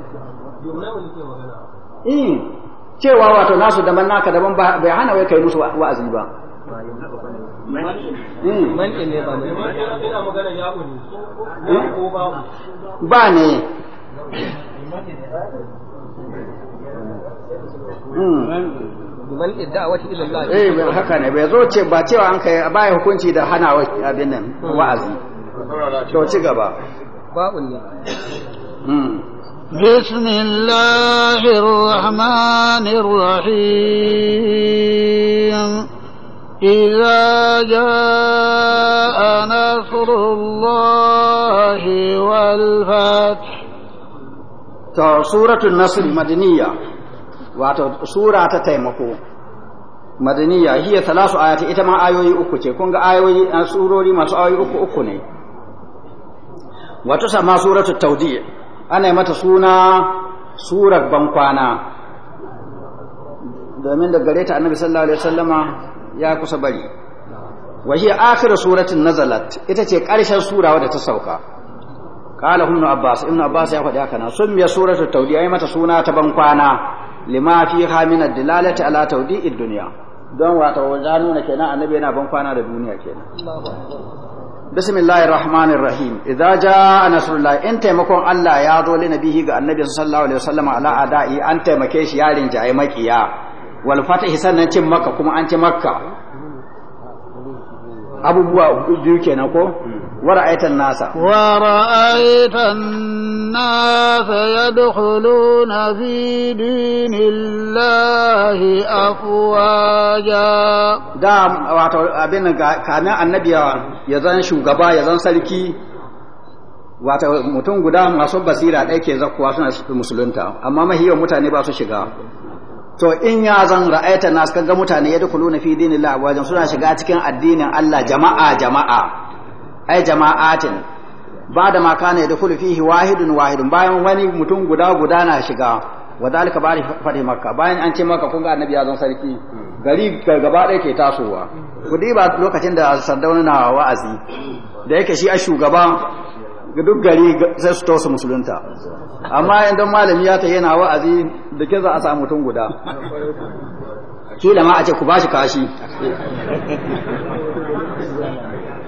Eh cewa wato nasu daban naka daban bai hana wai kai musu wa'azi ba. ba ne zo ce ba cewa an kai hukunci da hana abin nan wa'azi to ci gaba بسم الله الرحمن الرحيم إذا جاء نصر الله والفتح سورة النصر مدنية سورة تتيمكو مدنية هي ثلاث آيات إتما آيوي أكو تكون آيوي سوروري ما سآيوي أكو أكو ني وتسمى سورة التوديع أنا متى سونا سورة بمقانا domin da النبي صلى الله عليه وسلم ya kusa bari wa hiya akhir suratin nazalat ita ce ƙarshen sura wadda ta sauka qala ibn abbas ibn abbas ya faɗi haka na summiya suratul tawdi ai mata suna ta bankwana lima fiha min ad-dilalati ala tawdi'id dunya don wata wajen nuna kenan annabi yana bankwana da duniya kenan بسم الله الرحمن الرحيم إذا جاء نصر الله أنت مكون الله يا ذو ga annabi sallallahu alaihi wasallam ala adai an taimake shi yarin jaye makiya. walfatahi sannan cin makka kuma an ci makka abubuwa biyu ke ko wara'aitan nasa wara'aitan nasa ya na fi dinillahi afuwaja da wato abin ga kanin annabi ya zan shugaba ya zan sarki wata mutum guda masu basira ɗaya ke zakuwa suna musulunta amma mahiyar mutane ba su shiga to in ya zan ra'ayta nas kaga mutane ya na fi dinillahi abwajan suna shiga cikin addinin Allah jama'a jama'a ai jama'atin ba da ma kana ya dukulu fihi wahidun wahidun bayan wani mutum guda guda na shiga wa ba fadi makka bayan an ce maka kun ga annabi ya zan sarki gari gaba ɗaya ke tasowa ku ba lokacin da sardauna na wa'azi da yake shi a shugaba ga duk gari sai su tosa musulunta amma yadda malami ya ta yana wa'azi da ke za a samu mutum guda kila ma a ce ku bashi kashi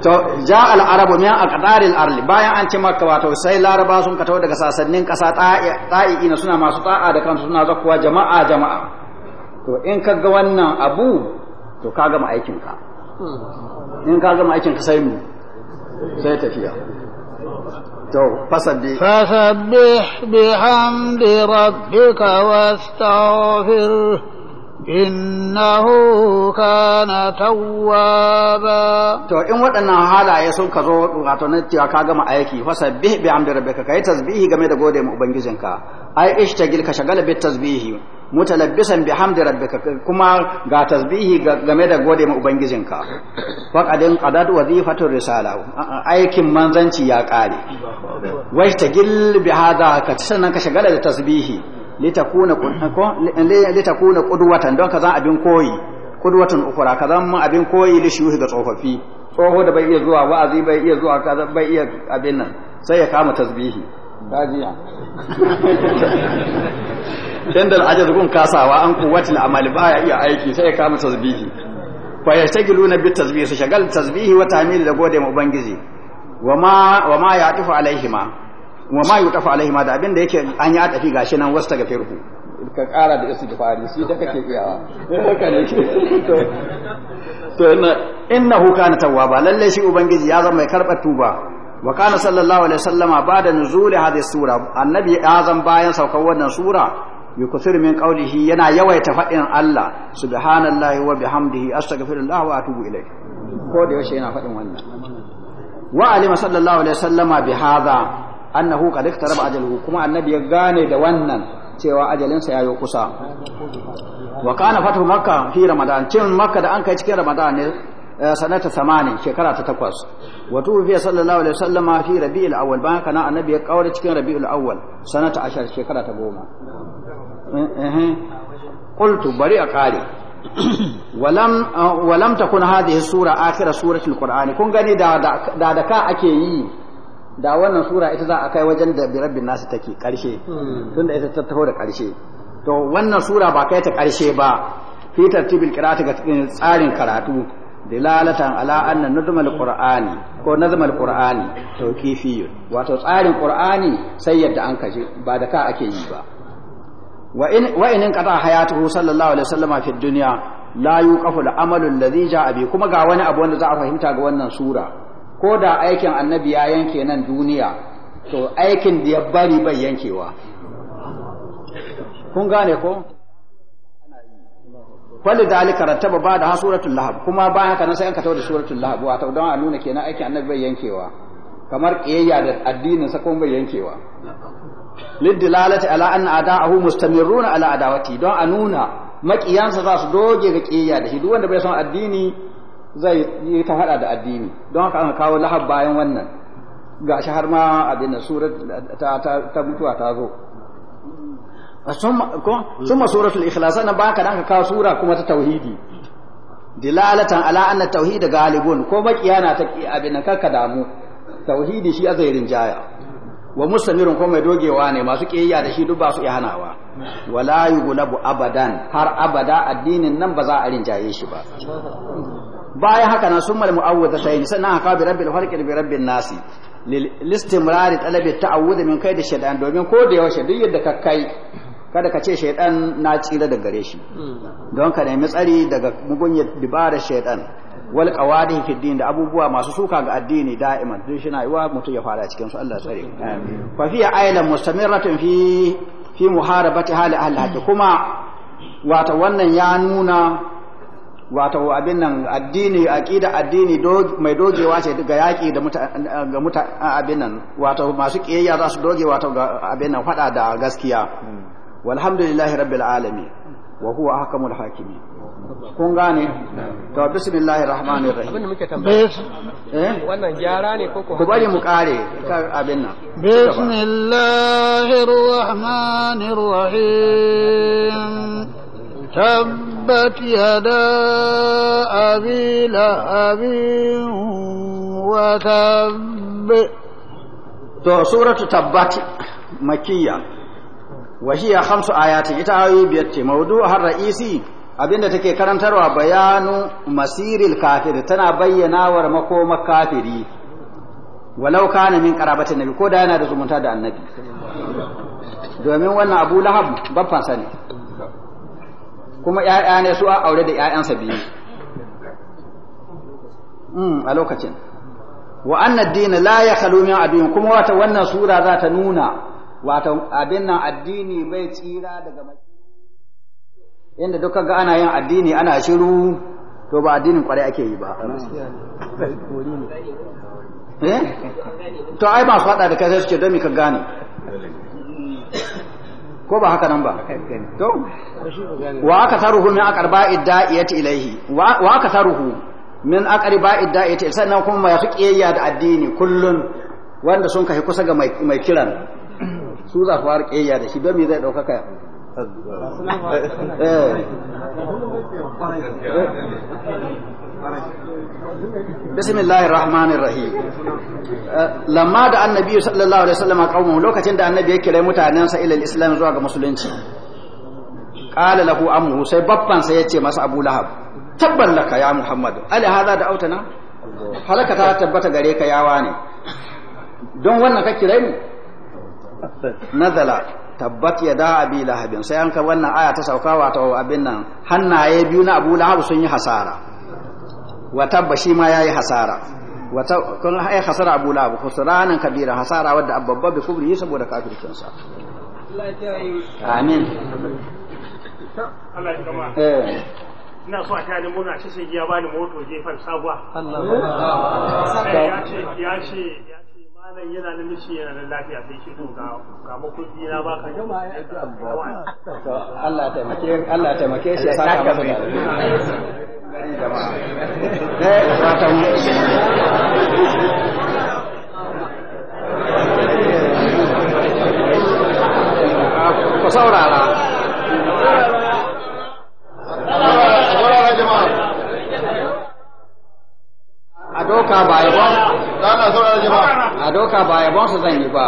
to ja al arabu min aqdaril arli bayan an ce makka wato sai laraba sun kato daga sasannin kasa ta'i na suna masu ta'a da kansu suna zakkuwa jama'a jama'a to in ka ga wannan abu to ka gama aikin ka in ka gama aikin ka sai mu sai tafiya فسبح فسبح بحمد ربك واستغفره إنه كان توابا to in waɗannan halaye sun ka zo wato na cewa ka gama aiki fasabbih bi amdi rabbika kai tasbihi game da gode ma ubangijinka ai ta ka shagala bi tasbihi mutalabbisan hamdi rabbika kuma ga tasbihi game da gode ma ubangijinka faqadin qadad wazifatu risala aikin manzanci ya kare bi bihadha ka sannan ka shagala da tasbihi litakuna kunako litakuna qudwatan don ka zan abin koyi qudwatan ukura ka zan abin koyi da shuhi ga tsofaffi tsoho da bai iya zuwa wa'azi bai iya zuwa kaza bai iya abin nan sai ya kama tasbihi kajiya inda ajar gun kasawa an kuwatil amali ba ya iya aiki sai ya kama tasbihi fa yashtagiluna bit tasbihi su shagal tasbihi wa tahmid da gode mu ubangiji wama wama ya tufa alaihima wama alaihi ma da abinda yake an yi atafi gashi nan wasta gafirhu ka kara da istighfari shi da kake kiyawa haka ne to inna innahu kana tawwaba lalle shi ubangiji ya zama mai karba tuba wa kana sallallahu alaihi wasallama ba'da nuzuli hadhihi sura annabi ya bayan saukar wannan sura yukuthir min qawlihi yana yawaita fadin Allah subhanallahi wa bihamdihi astaghfirullah wa atubu ilayh ko da yaushe yana fadin wannan wa alima sallallahu alaihi wasallama bi hadha annahu qad iktaraba ajaluhu kuma annabi ya gane da wannan cewa ajalinsa yayo kusa wa kana fatu makka fi ramadan cin makka da an kai cikin ramadan ne Eh, sanata tamanin shekara ta takwas wa tufiya sallallahu alaihi wasallama fi rabi'il awwal bayan kana annabi ya kaura cikin rabi'il awwal sanata ashar shekara ta goma eh, eh, qultu bari a kare walam walam takun hadhihi sura akhir suratul qur'ani kun gani da da ka ake yi da wannan sura ita za a kai wajen da bi rabbin nasu take karshe hmm. tunda ita ta taho da karshe to wannan sura ba kai ta karshe ba fi tartibil qira'ati ga tsarin karatu dilalatan ala anna nuzmal qur'ani ko nazmal qur'ani tawqifiyun wato tsarin qur'ani sai yadda an kaje ba da ka ake yi ba wa in wa in qata hayatuhu sallallahu alaihi wasallam fi dunya la yuqafu al-amalu alladhi ja'a bi kuma ga wani abu wanda za a fahimta ga wannan sura ko da aikin annabi ya yanke nan duniya to aikin da ya bari bai yankewa kun gane ko wani dalika rattaba ba da suratun lahab kuma baya haka nan sai an ka da suratun lahab wata don a nuna kenan aikin annabi bai yankewa kamar kiyayya da addinin sa kuma bai yankewa lidilalati ala anna ada'ahu mustamirruna ala adawati don a nuna makiyansa za su doge ga kiyayya da shi duk wanda bai san addini zai yi ta hada da addini don haka an kawo lahab bayan wannan gashi har ma abin da surat ta mutuwa ta zo summa suratul ikhlas na baka dan ka sura kuma ta tauhidi dilalatan ala anna tauhid galibun ko bakiya na ta abin ka ka damu tauhidi shi azairin jaya wa mustamirun ko mai dogewa ne masu kiyayya da shi duk ba su iya hanawa wala yughlabu abadan har abada addinin nan ba za a rinjaye shi ba bayan haka nan summal mu'awwidatayn sannan haka bi rabbil falqi bi rabbin nasi listimrari talabi ta'awudh min da shaytan domin ko da yaushe duk yadda ka kai kada ka ce shaidan na tsira da gare shi hmm. don ka nemi tsari daga mugunya dibara shaidan wal qawadih fi din da abubuwa masu suka ga addini da'iman duk shi na yiwa mutum ya fara cikin su Allah tsare fa fi aylan mustamirratun fi fi muharabati hal ahli kuma wata wannan ya nuna wata abin nan addini aqida addini mai dogewa ce ga yaki da ga muta abin nan wato masu kiyayya za su doge wato ga abin nan fada da gaskiya hmm. walhamdulillahi rabbil alamin wa huwa ahkamul hakimin kun gane to bismillahir rahmanir rahim abin muke tambaya eh? wannan gyara ne ko ko bari mu kare abin nan bismillahir rahmanir rahim تبت يدا أبي لهب وتب تو سورة تبت مكية washiya hamsu khamsu ayati ita ayoyi biyar ce mawdu'u har ra'isi abinda take karantarwa bayanu masiril kafir tana bayyana war makoma kafiri walau kana min qarabati nabi ko da yana da da annabi domin wannan Abu Lahab baffan sa kuma ƴaƴa ne su a aure da ƴaƴansa biyu hmm, a lokacin wa anna kuma wata wannan sura za ta nuna wato abin nan addini bai tsira daga mace inda duka ga ana yin addini ana shiru to ba addinin kwarai ake yi ba eh? to ai ba fada da kai sai su ce don ka gane ko ba haka nan ba to wa aka saruhu min aqarba idda'iyati ilaihi wa aka saruhu min aqarba idda'iyati sannan kuma ya su kiyayya da addini kullun wanda sun kai kusa ga mai kiran su za ku har kiyaya da shi don me zai ɗaukaka بسم الله الرحمن الرحيم لما دعا النبي صلى الله عليه وسلم قومه da annabi ya mutanen sa ila islam zuwa ga musulunci qala lahu ammu sai babban sa yace masa abu lahab tabban laka ya muhammad ala hada da autana halaka ta tabbata gare ka yawa ne don wannan ka kira mu nazala tabbat yada abi lahabin sai an ka wannan aya ta sauka ta abin nan hannaye biyu na abu lahab sun yi hasara wa tabba shi ma yayi hasara wa ta kun ai hasara abu lahab khusranan kabira hasara wadda abbabba bi kubri saboda kafircin sa amin Allah ya kama eh ina so a ta ni muna shi sai ya bani moto jefan sabuwa Allah eh, ya ce ya ce malam yana da mishi taimake Allah saka masa da saurara doka ba yabon a doka ba yabon su zanyi ba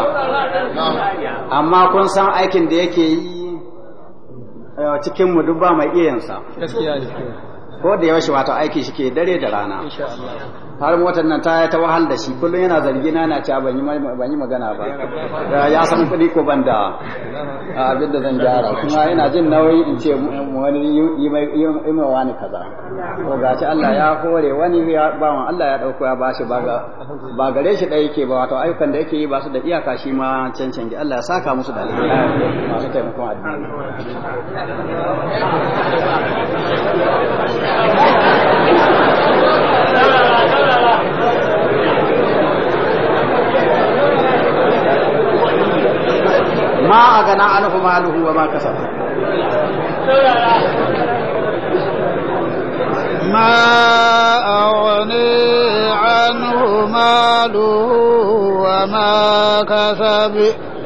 amma kun san aikin da yake yi eh, cikin mu duk ba mai iyansa ko da yaushe wato aiki shi ke dare da rana har motar nan ta ta wahal da shi kullum yana zargi na ci ban yi magana ba ya san kuɗi ko ban da abin da zan gyara kuma yana jin nauyi in ce wani yi mai wani kaza ga ci Allah ya kore wani ya wa Allah ya dauko ya bashi ba gare shi ɗaya yake ba wato ayyukan da yake yi ba su da iyaka shi ma cancanci Allah ya saka musu da alheri masu taimakon addini ma a gana anhu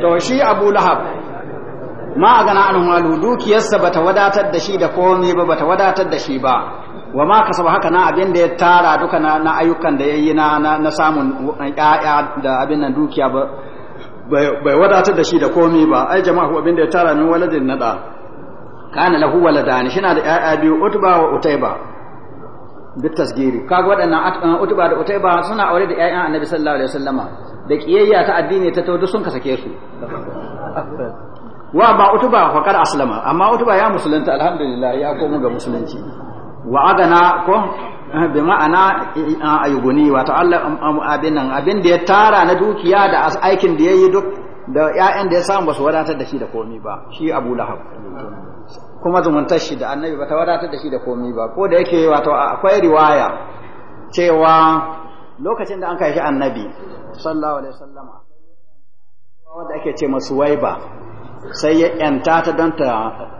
to shi abu lahab ma a gana an walu dukiyarsa bata wadatar da shi da komai ba bata wadatar da shi ba wa ma kasaba haka na abin da ya tara duka na ayyukan da ya yi na samun ƴaƴa da abin nan dukiya ba bai wadatar da shi da komai ba ai jama'a abin da ya tara min waladin nada kana lahu waladani shina da ƴaƴa biyu utba wa utayba duk tasgiri kaga waɗannan uh, utba da utayba suna aure da ƴaƴan annabi sallallahu alaihi wasallama da kiyayya ta addini ta tawo duk sun kasake su wa ba utuba fakar aslama amma utuba ya musulunta alhamdulillah ya komo ga musulunci wa agana ko eh, bi ma'ana eh, ayuguni wato Allah um, um, abin nan abin da ya tara na dukiya da aikin da yayi duk da ƴaƴan da ya samu ba su wadatar da shi da komi ba shi Abu Lahab kuma zumuntar shi da Annabi ba ta wadatar da shi da komi ba ko da yake wato akwai riwaya cewa lokacin da an kai shi Annabi sallallahu alaihi wasallama wanda ake ce masu waiba sai ya yanta ta don ta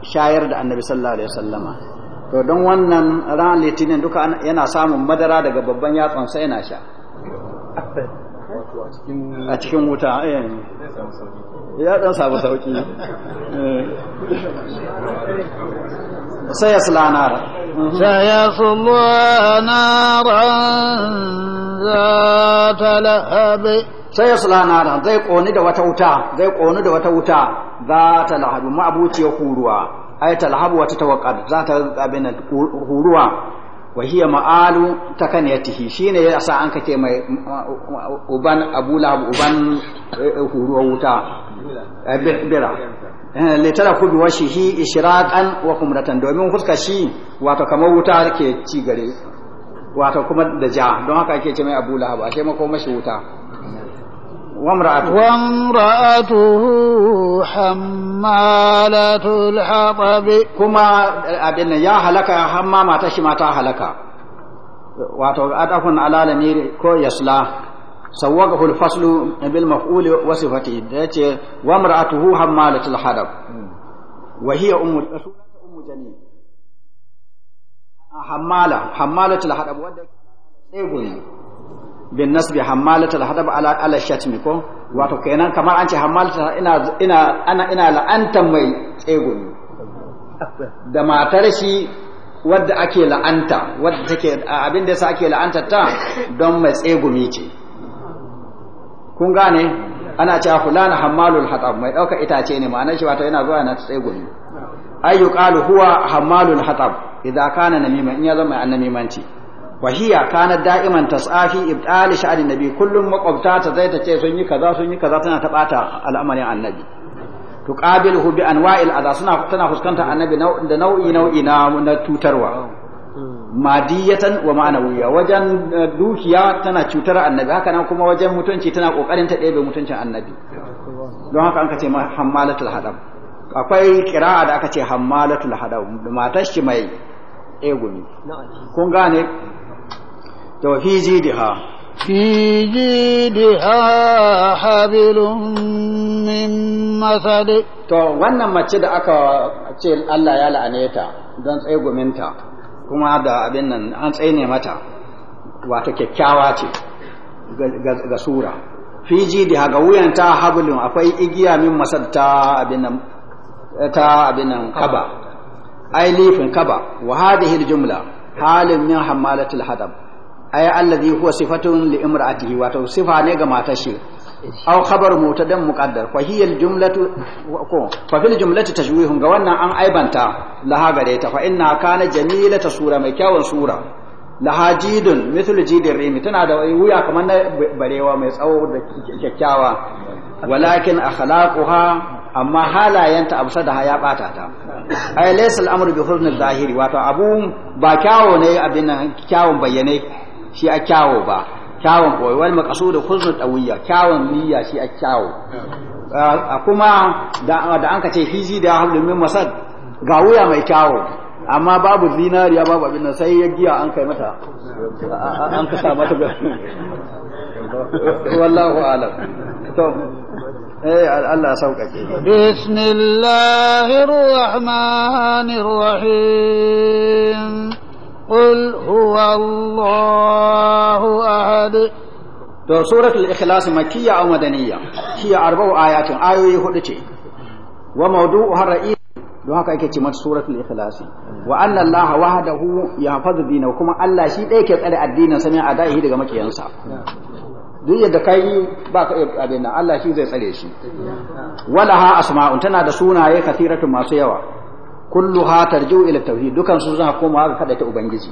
shayar da annabi sallallahu alaihi wasallama to don wannan ran litinin duka yana samun madara daga babban yatsan sai yana sha a cikin wuta eh. ya dan samu sauki eh. sai ya sulanar sai ya sulanar za ta lahabi sai ya sulanar zai koni da wata wuta zai koni da wata wuta za ta lahabu ma'abuciya huruwa ai ta lahabu wata tawakkal za ta abin huruwa wa hiya ma'alu ta kan ya tihi sa an kace mai uban abu lahab uban eh, huruwa wuta eh, bira eh, litara kubi washihi ishraqan wa kumratan domin fuskar shi wato kamar wuta ke ci gare wato kuma da ja don haka ake ce mai abu lahab ashe mako mashi wuta وامرأته وامرأته حمالة الحطب كما أبن يا هلك حما ما تشي ما هلك واتو أدفن على الأمير كو يسلا سوقه الفصل بالمفعول وصفته دايتي وامرأته حمالة الحطب وهي أم أم جنين حمالة حمالة الحطب ودك bin nasbi hammalata da hadaba ala ala shatmi ko wato kenan kamar an ce hammalata ina ina ana ina la'anta mai tsegumi da matar shi wadda ake la'anta wadda take abin da yasa ake la'anta ta don mai tsegumi ce kun gane ana cewa fulana hammalul hatab mai dauka itace ne ma'anar shi wato yana zuwa yana tsegumi ayyuqalu huwa hammalul hatab idza kana namima in ya zama annamimanci wahiya kana da'iman tas'afi ibdali sha'anin kullum makwabta ta zai ta ce sun yi kaza sun yi al'amarin annabi tuqabiluhu bi anwa'il adha suna tana fuskantar nau'i nau'i na na tutarwa madiyatan wa eh, dukiya tana cutar annabi haka kuma kokarin annabi don haka an ka ce hammalatul akwai kira'a da aka ce hammalatul hadab matar shi mai egumi kun gane to fi jidha fi jidha hablum min masad to wannan mace da aka ce Allah ya la'ane ta don guminta kuma da abin nan an tsaine mata wato kyakkyawa ce ga sura fi jidha ga wuyanta hablum akwai igiya min masad ta abin nan ta abin nan kaba ai lifin kaba wa hadhihi aljumla halin min hamalatil hadab ay allazi huwa sifatun li imra'atihi wato sifa ne ga matar shi aw khabar mutadan muqaddar fa hiya al jumlatu ko fa fil jumlati tashwihun ga wannan an aibanta laha gare ta fa inna kana jamilata sura mai kyawun sura laha jidun mithl jidir rimi tana da wuya kamar na barewa mai tsawo da kyakkyawa walakin akhlaquha amma halayenta amsa da ya bata ta ay laysa al amru bi hurnil zahiri wato abu ba kyawo ne abin nan kyawun bayyane shi a kyawo ba kyawon boye da maqsudu husnul dawiyya kyawon niyya shi a kyawo kuma da an an kace hizi da hablum min masad ga wuya mai kyawo amma babu zinariya babu abin nan sai ya giya an kai mata an kasa mata wallahu alam to eh Allah sauƙaƙe bismillahir rahmanir rahim قل هو الله أحد to suratul ikhlas makiyya aw madaniyya hiya arba'u ayatin ayoyi hudu ce wa mawdu'u har don haka ake ce mata suratul ikhlas wa anna allah wahdahu yahfazu kuma allah shi ɗaya ke tsare addinin sa ne a dahi daga makiyansa duk yadda kai ba ka iya abin Allah shi zai tsare shi walaha asma'un tana da sunaye kathiratun masu yawa kulluha tarji'u ila tauhid dukan su suna komawa ga ta ubangiji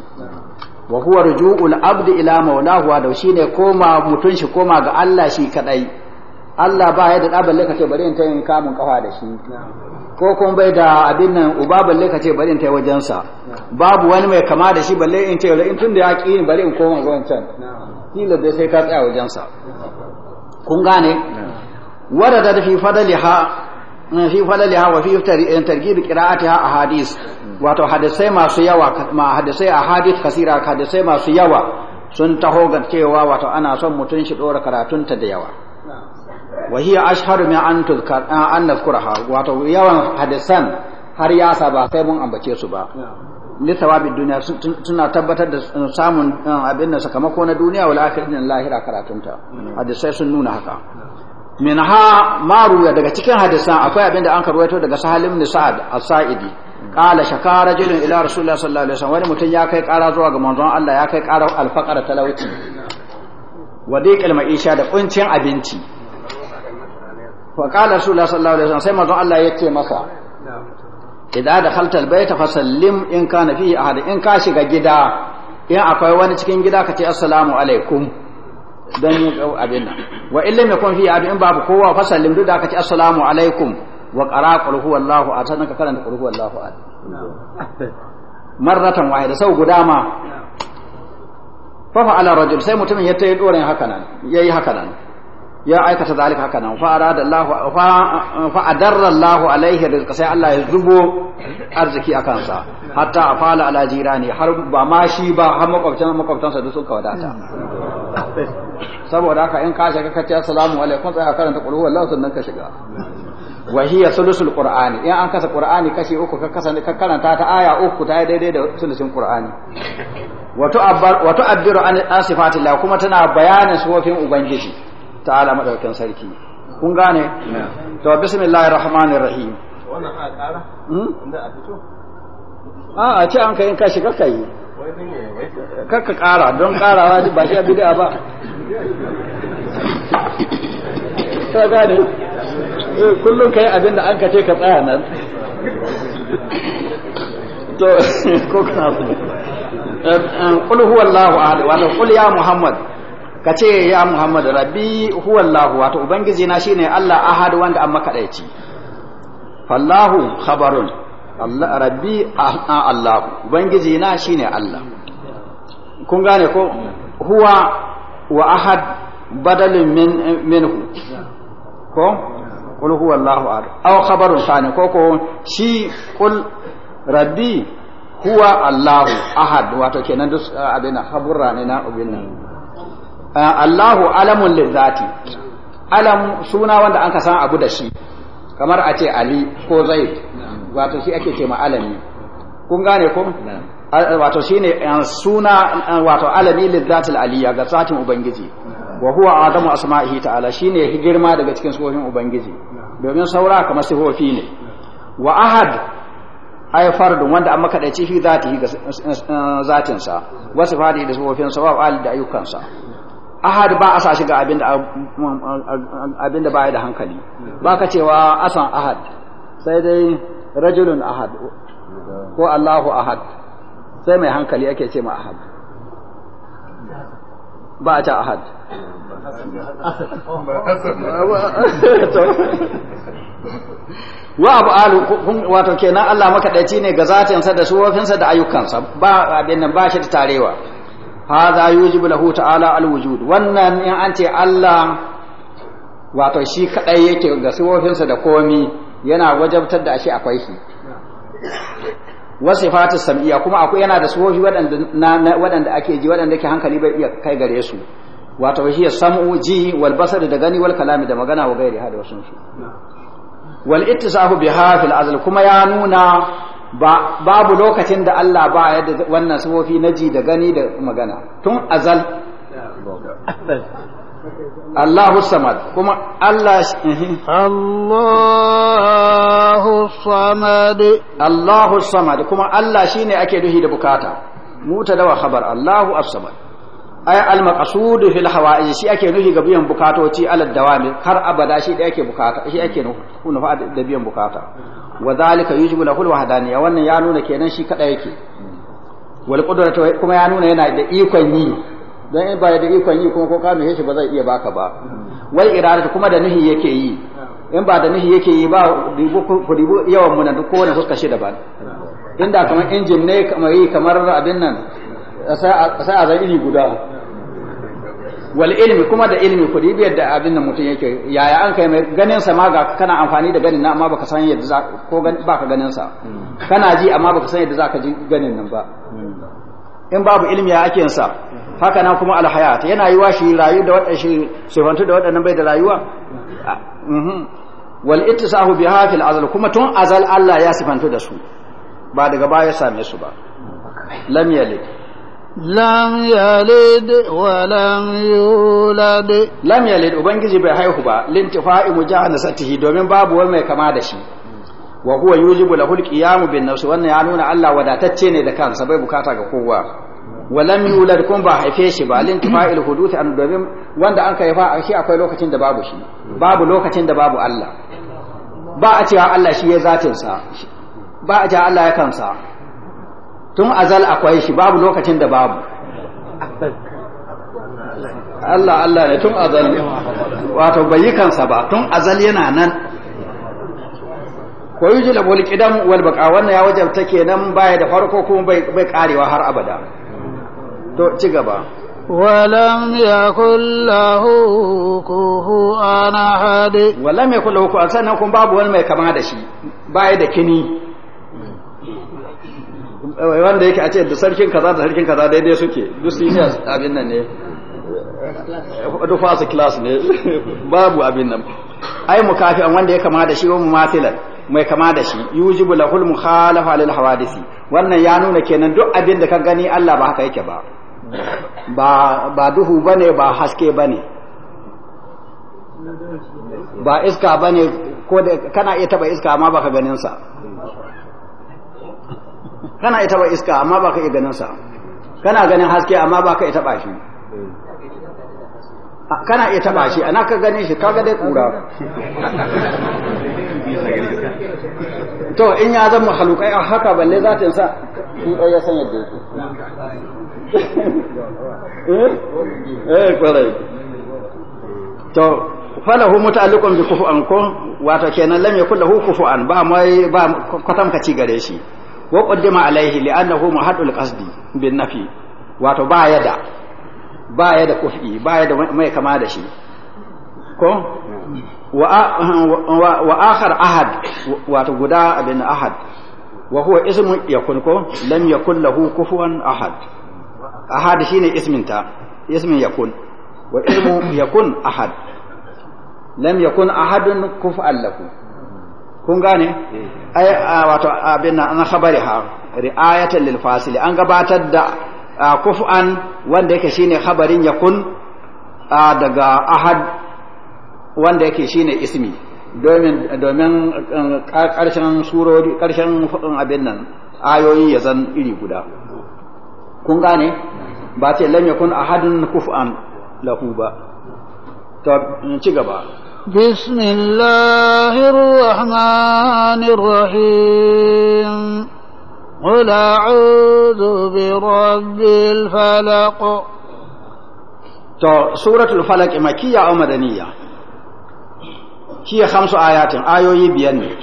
wa huwa ruju'ul abd ila maulahu wa shine koma mutun shi koma ga Allah shi kadai Allah ba ya da da balle kace bari in tayin kamun kafa da shi ko kuma bai da abin nan uba balle kace bari in tayi wajen sa babu wani mai kama da shi balle in tayi in tun da ya ki bari in koma ga wancan kila dai sai ka tsaya wajen sa kun gane warada da fi fadaliha Mm, fi falaliha wa fi eh, targhib qira'atiha ahadith wato hadisai masu yawa ma hadisai ahadith kasira hadisai masu yawa sun taho ga cewa ana son mutun shi dora karatunta da yawa wa hiya ashharu min an tuzkar eh, an nazkuraha wato yawan hadisan har yasa ba sai mun ambace su ba li sawabin duniya suna tabbatar da samun eh, abin da sakamako na duniya wal akhirin lahira karatunta hadisai sun nuna haka min minha maruya daga cikin hadisan akwai abin da an karwaito daga sahalim ibn sa'ad as-sa'idi qala shaka rajulun ila rasulullah sallallahu alaihi wasallam wani mutum ya kai kara zuwa ga manzon Allah ya kai kara ƙara alfaqara talauci wa diqal ma'isha da kuncin abinci fa qala rasulullah sallallahu alaihi wasallam sai manzon Allah ya ce masa idza dakhalta albayta fasallim in kana fihi ahad in ka shiga gida in akwai wani cikin gida ka ce assalamu alaikum don yin abin nan wa me yakun fi abin babu kowa fasalin duk da aka ce assalamu alaikum wa qara qul huwallahu ahad sannan ka karanta qul huwallahu ahad marratan wahida sau guda ma fa fa'ala rajul sai mutumin ya tayi doren haka nan yayi haka nan ya aikata zalika haka nan fa arada Allah fa adarra Allah alaihi rizqa sai Allah ya zubo arziki akan sa hatta afala ala jirani har ba ma shi ba har makwabtan makwabtansa duk sun kawadata saboda haka in ka shiga ka assalamu alaikum sai ka karanta qul huwallahu sannan ka shiga wa hiya sulusul qur'ani in an kasa qur'ani kashi uku ka kasa ka karanta ta aya uku ta daidai da sulusin qur'ani wa tu'abbar wa tu'abbiru an sifatillah kuma tana bayanin sifofin ubangiji ta'ala madaukakin sarki kun gane to bismillahir rahmanir rahim wannan a ƙara hmm? inda a fito a a ce an kai in ka shiga kai kakka kara don karawa ba shi a bid'a ba ta gane eh, kullum ka yi abin da an ka ce ka tsaya nan to ko kana su kul eh, huwa Allahu ahad wa kul ya Muhammad ka ce ya Muhammad rabbi huwa wato ubangiji na shine Allah ahad wanda an makadaici fallahu khabarun Allah rabbi a Allah ubangiji na shine Allah kun gane ko huwa wa ahad badalin min minhu ko qul huwa Allahu ahad aw khabarun sani ko ko shi qul rabbi huwa Allahu ahad wato kenan duk uh, abin habura ne na ubinna Allah uh, Allahu alamun lizati alam suna wanda an ka san abu da shi kamar a ce Ali ko Zaid wato shi ake ce ma'alami kun gane ku wato shine suna wato alami lizzatul aliyya ga satin ubangiji wa huwa adamu asma'ihi ta'ala shine girma daga cikin sifofin ubangiji domin saura kamar sifofi ne wa ahad ay fardun wanda amma kadaici fi zatihi ga zatin sa wasu fadi da sifofin sa wa al da ayyukan sa ahad ba a sa shi ga abinda abinda baya da hankali ba ka cewa asan ahad sai dai rajulun ahad ko Allahu ahad sai mai hankali ake ce ma ahad ba ta ahad wa abu alu wato kenan Allah makaɗaici ne ga zatinsa da suwofinsa da ayyukansa ba abin nan ba shi da tarewa hadha yujibu lahu ta'ala alwujud wannan in an ce Allah wato shi kadai yake ga suwofinsa da komi yana wajabtar da ashe akwai shi wasu fata sam'iya kuma akwai yana da sufofi waɗanda ake ji waɗanda ke hankali bai iya kai gare su wato shi ya samu ji wal basar da gani wal kalami da magana wa gairi hada wasu su wal ittisahu bi fil azal kuma ya nuna babu lokacin da Allah ba ya da wannan sufofi na ji da gani da magana tun azal Allahu samad kuma Allah Allahu samad Allahu samad kuma Allah shine ake duhi da bukata mutada wa khabar Allahu as-samad ay al-maqsud fil hawa'ij shi ake duhi ga biyan bukatoci alal dawami har abada shi da yake bukata shi ake nufa da biyan bukata wa zalika yujibu lahu al-wahdaniyya wannan ya nuna kenan shi kada yake wal qudratu kuma ya nuna yana da ikon yi don in ba da ikon yi kuma ko ka nuhe shi ba zai iya baka ba wai irada kuma da nihi yake yi in ba da nihi yake yi ba ku ribu yawan mu na duk kowane fuska shi daban inda kamar injin ne kamar yi kamar abin nan sai a zan iri guda wal ilmi kuma da ilmi ku ribi yadda abin nan mutum yake yaya an kai mai ganin sa ma ga kana amfani da ganin na amma baka san yadda za ko baka ganin sa kana ji amma baka san yadda za ka ji ganin nan ba in babu ilmi ya ake yin sa haka nan kuma alhayat yana yi wa shi rayu da waɗanshi shi sifantu da wadannan bai da rayuwa ah, mhm. wal ittisahu biha fil azal kuma tun azal Allah ya sifantu da su ba daga baya same su ba lam yalid lam yalid wa lam yulad lam yalid ubangiji bai haihu ba lintifa'i mujahanasatihi domin babu wani mai kama da shi wa huwa yujibu lahul qiyamu bin nafsi wannan ya nuna Allah wadatacce ne da kansa bai bukata ga kowa walam yulad kun ba haife shi ba lin tufa'il huduth an domin wanda an kai fa shi akwai lokacin da babu shi babu lokacin da babu Allah ba a Allah shi ya zatin sa ba a Allah ya kansa tun azal akwai shi babu lokacin da babu Allah Allah ne tun azal wato bai yi kansa ba tun azal yana nan ko yujil abul qidam walbaka baqa wannan ya wajabta kenan baya da farko kuma bai karewa har abada to ci gaba ولم يكن ana كفوا walam ya kullahu ku an sanan kun babu wani mai kama da shi baya da kini wanda yake a ce da sarkin kaza da sarkin kaza daidai suke duk yi abin nan ne duk fasa class ne babu abin nan ai mukafi an wanda ya kama da shi wa mumathilan mai kama da shi yujibu lahul mukhalafa lil hawadisi wannan ya nuna kenan duk abin da ka gani Allah ba haka yake ba ba duhu ba ne ba haske ba ne ba iska ba ne ko da kana iya taba iska amma baka sa kana iya taba iska amma baka iya sa kana ganin haske amma baka iya taba shi kana iya taba shi ana ka ganin shi kaga dai kura to in ya zama halukai a haka balle za ta sa shi ya san yadda yake Eh? eh kwarai to falahu muta'alliqun bi kufu ko wato kenan lam yakul lahu an ba mai ba kwatam ka ci gare shi wa qaddima alaihi annahu muhaddul qasdi bin nafi wato ba ya da ba ya da kufi ba ya da mai kama da shi ko wa akhar ahad wato guda abin ahad wa huwa ismu yakun ko lam yakul lahu kufuwan ahad ahad shine ismin ta ismin yakun wa ilmu yakun ahad lam yakun ahadun kuf'an lahu kun gane ay wato abin nan an khabari ha ri'ayatan lil fasili an gabatar da kuf'an wanda yake shine khabarin yakun daga ahad wanda yake shine ismi domin domin karshen surori karshen abin nan ayoyi ya zan iri guda kun gane ba ce lam yakun ahadun kuf'an lahu ba ta ci gaba بسم الله الرحمن قل أعوذ برب الفلق to suratul falaq makiyya aw madaniyya hiya khamsu ayatin ayoyi biyan ne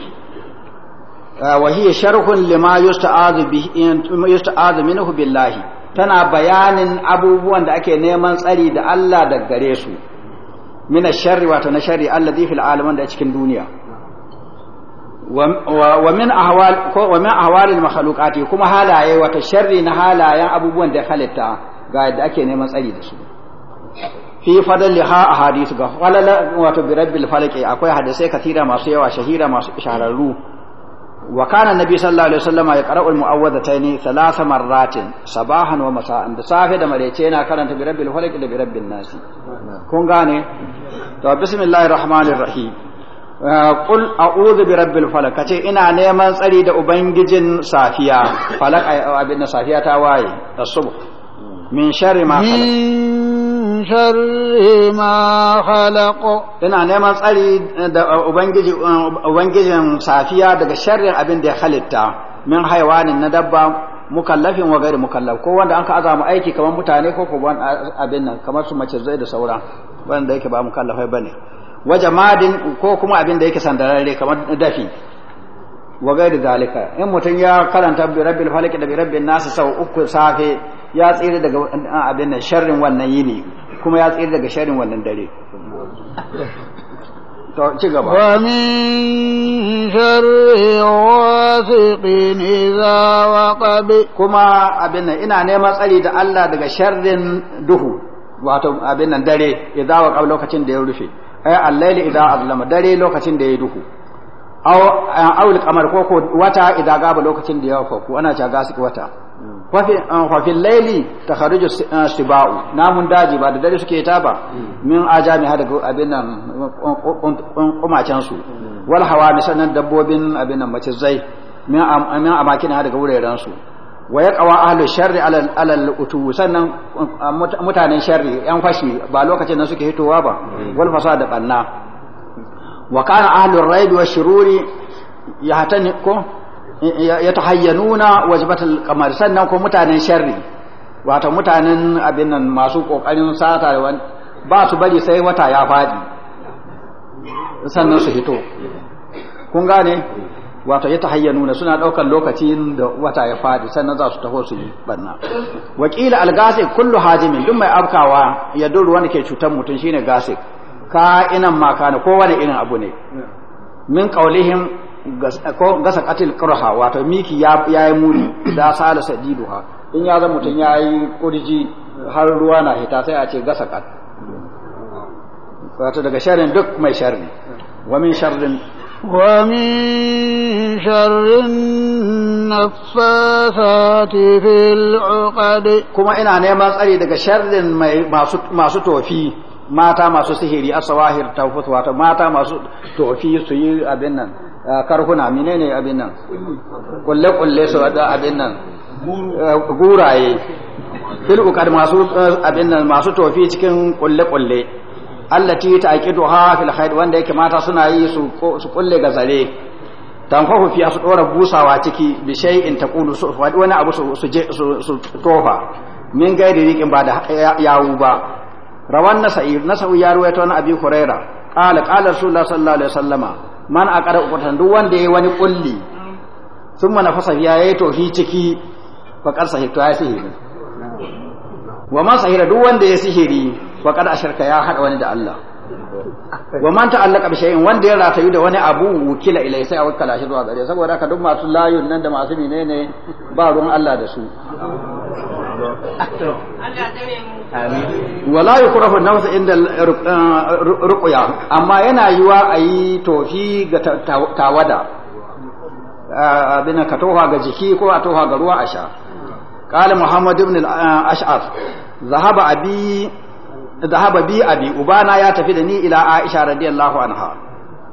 wa hiya sharhun lima yusta'azu bihi tana bayanin abubuwan da ake neman tsari da Allah da gare su mina sharri wato na sharri alladhi fil alamin da cikin duniya wa min ahwal ko wa min ahwal al makhluqati kuma halaye wato sharri na halayen abubuwan da halitta ga yadda ake neman tsari da su fi fadliha ahadith ga wato bi rabbil falqi akwai hadisai kathira masu yawa shahira masu shahararru وكان النبي صلى الله عليه وسلم يقرأ المعوذتين ثلاث مرات صباحا ومساء بصافي da marece yana karanta bi rabbil falaq da bi rabbin kun gane to bismillahir rahmanir rahim uh, qul a'udhu bi rabbil kace ina neman tsari da ubangijin safiya falaq abin safiya ta waye as-subh شر ما ina neman tsari da ubangiji ubangijin safiya daga sharrin abin da ya halitta min haiwanin na dabba mukallafin wa gari mukallaf ko wanda an ka azama aiki kamar mutane ko ko abin nan kamar su mace zai da saura wanda yake ba mukallafai bane wa jamadin ko kuma abin da yake sandararre kamar dafi wa gari zalika in mutum ya karanta bi rabbil falaq da bi rabbin nas sau uku safe ya tsira daga abin nan sharrin wannan yini kuma ya tsira daga sharin wannan dare to ci gaba wa min sharri wasiqin idza waqab kuma abin nan ina neman tsari da Allah daga sharrin duhu wato abin nan dare idza waqab lokacin da ya rufe ay al-layli idza azlama dare lokacin da ya duhu aw aw al-qamar ko ko wata idza gaba lokacin da ya faku ana ta gasu wata wafin ah, laili ta harijo ah, shiba'u namun daji ba da dare suke ta ba hmm. min ajami har daga abin nan um, um, um, su hmm. wal hawa mi dabbobin abin nan zai min amakin har daga su wa ya kawa ahlu sharri alal utu sannan ah, mutanen sharri yan fashi ba lokacin nan suke hitowa ba hmm. wal da banna wa kana ahlu raid wa shururi hatani ko ya ta hayyanuna wajibatul kamar sannan ko mutanen sharri wato mutanen abin nan masu kokarin sata da ba su bari sai wata ya fadi sannan su hito. kun gane wato ya ta hayyanuna suna daukan lokacin da wata ya fadi sannan za su taho su yi banna wakila algasi kullu hajimin duk mai afkawa ya duru wanda ke cutar mutum shine gasi ka inan makana ko wani irin abu ne min qaulihim gasa katil kurha wato miki ya yi muri da sala sadiduha in ya zama mutum ya yi kurji har ruwa na hita sai a ce gasa kat wato daga sharrin duk mai sharri wa min sharrin wa min sharrin naffasati fil uqad kuma ina neman tsari daga sharrin mai masu masu tofi mata masu sihiri asawahir tawfut wato mata masu tofi su yi abin nan karhuna menene abin nan kulle kulle su da abin nan guraye fil masu eh, abin nan masu tofi cikin kulle kulle allati ha fil khayd wanda yake mata suna yi su su kulle ga zare tanfahu fiya su dora busawa ciki bi shay'in taqulu su wani abu su su tofa min gairi rikin ba da yawu ba rawan nasa'ir nasa'u ya ta wani abi huraira qala qala rasulullah sallallahu alaihi wasallama man a ƙara ukutan duk wanda ya wani kulli sun mana fasa ya yi tofi ciki faƙar to ya sihiri wa man sahira duk wanda ya sihiri faƙar ashirka ya haɗa wani da Allah wa man ta'allaka bi shay'in wanda ya ratayu da wani abu wukila ilai sai a wakala shi zuwa gare saboda haka duk masu layun nan da masu menene ba ruwan Allah da su wala na wasu inda rukuya uh, amma yana yiwa ayi tofi ga tawada uh, abin ka toha ga jiki ko a toha ga ruwa a sha qala muhammad ibn al-ash'af zahaba abi zahaba bi ubana ya tafi da ni ila aisha radiyallahu anha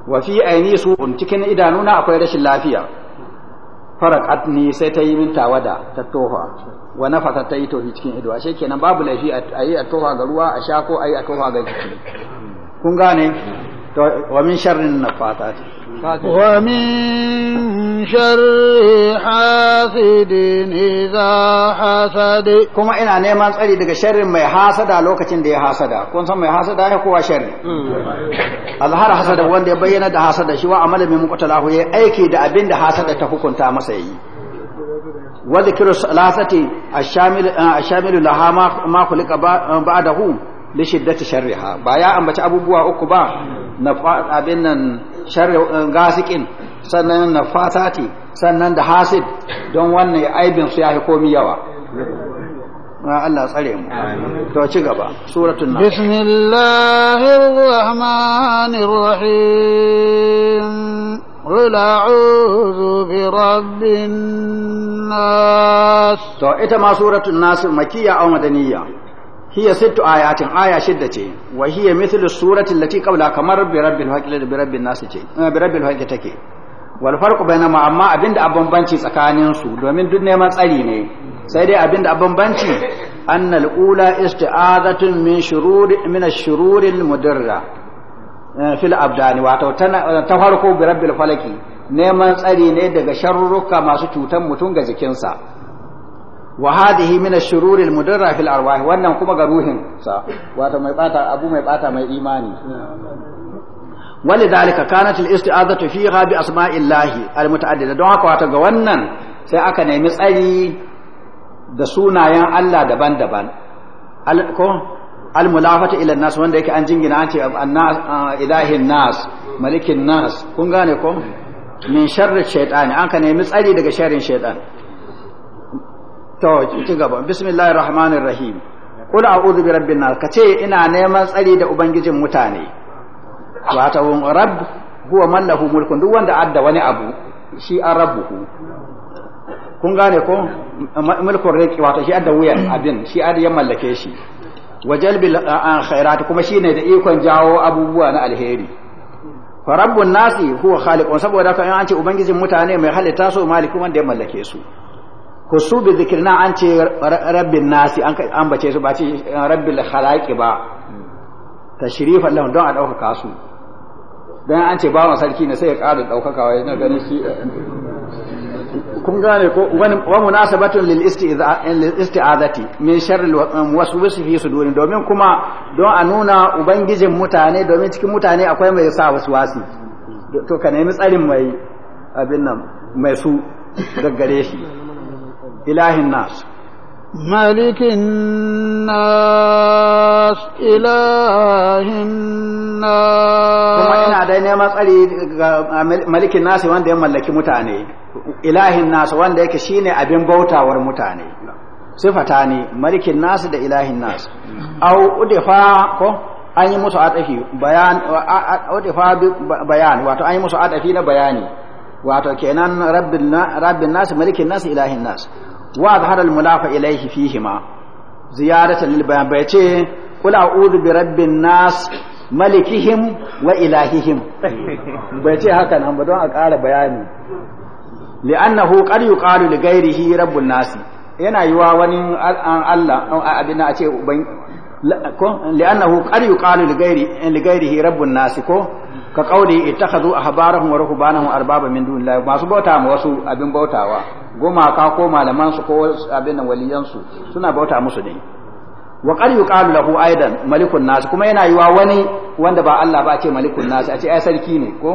wa fi aini cikin idanuna akwai rashin lafiya farakat ni sai ta yi min tawada ta toha wa nafata ta yi tofi cikin ido ashe kenan babu laifi a yi a toha ga ruwa a sha ko a yi a toha ga jiki kun gane ومن شر النفاثات ومن شر حاسد إذا حسد كما إنا نعم تسألي دقى شر ما يحاسد لوكة دي حاسد كون سمي حاسد هي هو شر الظهر حسد وان دي بينا دا حسد شواء عمل من مقتلاه يا أيكي دا أبين دا حسد تحكم تامسي وذكر الثلاثة الشامل الشامل لها ما خلق بعده bi shiddati sharriha ba ya ambaci abubuwa uku ba na abin nan sharri eh, gasikin sannan na fatati sannan da hasid don wannan aibin su yafi komi yawa ah, Allah tsare mu to ci gaba suratul nas bismillahir rahmanir rahim قل أعوذ برب الناس ita ma سورة الناس makiyya أو madaniyya hiya sittu ayatin aya shidda ce wa hiya mithlu surati allati qabla kamar bi rabbil haqqi da bi rabbin nas ce eh, bi rabbil take wal farqu bainama amma abinda a bambanci tsakanin su domin duk neman tsari ne sai dai abinda a bambanci anna al ula isti'azatun min shururi min ash-shururi al mudarra eh, fil abdani wato ta farko bi rabbil falaki neman tsari ne daga sharruka masu cutan mutum ga jikinsa wa hadhihi min ash-shurur al wannan kuma ga ruhin sa mai bata abu mai bata mai imani walidhalika kanat al-isti'azatu fiha bi asma'illahi al-muta'addida don haka ga wannan sai aka nemi tsari da sunayen Allah daban-daban ko al ila nas wanda yake an jingina an ce annas ilahin nas malikin nas kun gane ko min sharri shaytan an ka nemi tsari daga sharrin shaytan to ki gaba bismillahir rahmanir rahim qul a'udhu bi rabbin nas kace ina neman tsari da ubangijin mutane wato rabb huwa man lahu mulkun duk wanda adda wani abu shi an rabbuhu kun gane ko mulkun riki wato shi adda wuyan abin shi adda ya mallake shi wajal bil khairat kuma shine da ikon jawo abubuwa na alheri fa rabbun nasi huwa khaliqun saboda haka in an ce ubangijin mutane mai halitta su maliki da ya mallake su husu bi zikirna an ce rabbin nasi an ambace su ba ce eh, rabbil khalaqi ba shirifa lahum don a daukaka su dan an ce bawan sarki ne sai ya ƙara daukaka wai na gani shi eh. kun gane ko wa munasabatun lil isti'azati min sharri um, waswasi fi suduri domin kuma don a nuna ubangijin mutane domin cikin mutane akwai mai sa waswasi to ka nemi tsarin mai abin nan mai su gaggare shi ilahin nas ملك الناس kuma ina dai neman tsari ga malikin nasi wanda ya mallaki mutane ilahin nasu wanda yake shine abin bautawar mutane sifata ne malikin nasu da ilahin nasu au udifa ko an yi musu atafi bayan udifa wato an yi musu atafi na bayani wato kenan rabbin nasu malikin nasu ilahin nasu wa azhara al fihima ziyaratan lil bayan bai ce qul a'udhu bi rabbin nas malikihim wa ilahihim bai ce haka nan ba don a ƙara bayani yana yiwa wani Allah abin a ce li'annahu qad yuqalu li ghairihi rabbun nas ko ka qauli ittakhadhu ahbarahum wa ruhbanahum arbaba min dunillahi masu bauta ma wasu abin bautawa gumaka ko malamansu su ko abin nan waliyansu suna bauta musu ne wa qad yuqalu lahu aidan malikun nas kuma yana yiwa wani wanda ba Allah ba ce malikun nas a ce ai sarki ne ko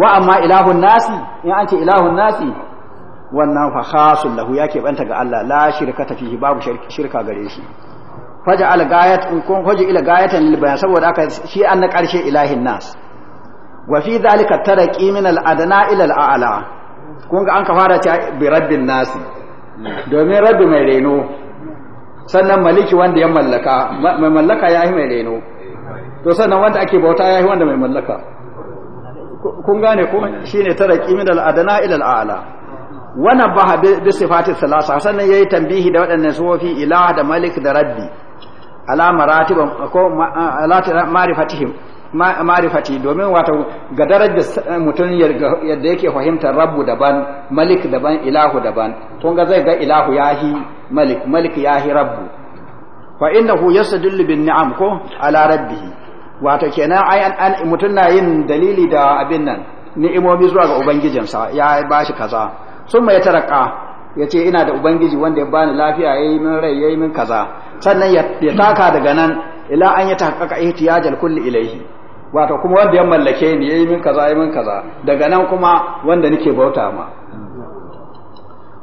wa amma ilahun nasi in an ce ilahun nasi wannan fa khasul lahu yake banta ga Allah la shirkata fihi babu shirka gare shi faja gayat in kun faja ila gayatan lil bayan saboda haka shi an na karshe ilahin nas wa fi dhalika taraqi min al adna ila al a'la kun ga an ka fara ta bi rabbin nasi domin rabbi mai reno sannan maliki wanda ya mallaka mai mallaka ya yi mai reno to sannan wanda ake bauta ya yi wanda mai mallaka kun gane ko shine ne min al-adana ila al-a'la wannan ba bi sifati salasa sannan yayi tambihi da waɗannan sufofi ila da malik da rabbi ala maratibam ko ala marifatihim ma'rifati domin wato ga darajar mutum yadda yake fahimtar rabbu daban malik daban ilahu daban tun ga zai ga ilahu yahi malik malik yahi rabbu fa innahu yasdullu bin ni'am ko ala rabbih wato kenan ai an mutum na yin dalili da abin nan ni'imomi zuwa ga ubangijinsa ya bashi kaza sun mai taraka ya ina da ubangiji wanda ya bani lafiya ya yi min rai ya yi min kaza sannan ya taka daga nan ila an ya taƙaƙa ihtiyajal kulli ilaihi wato kuma wanda ya mallake ni yayi min kaza yayi min kaza daga nan kuma wanda nake bauta ma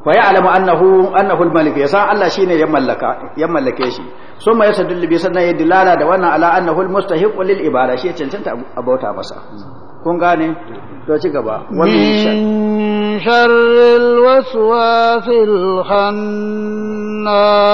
wa ya'lamu annahu annahu al-malik san Allah shine ya mallaka ya mallake shi summa yasadullu bi sanna yadlala da wannan ala annahu al-mustahiq lil ibada shi cancanta a bauta masa kun gane to ci gaba wannan sharril waswasil khannas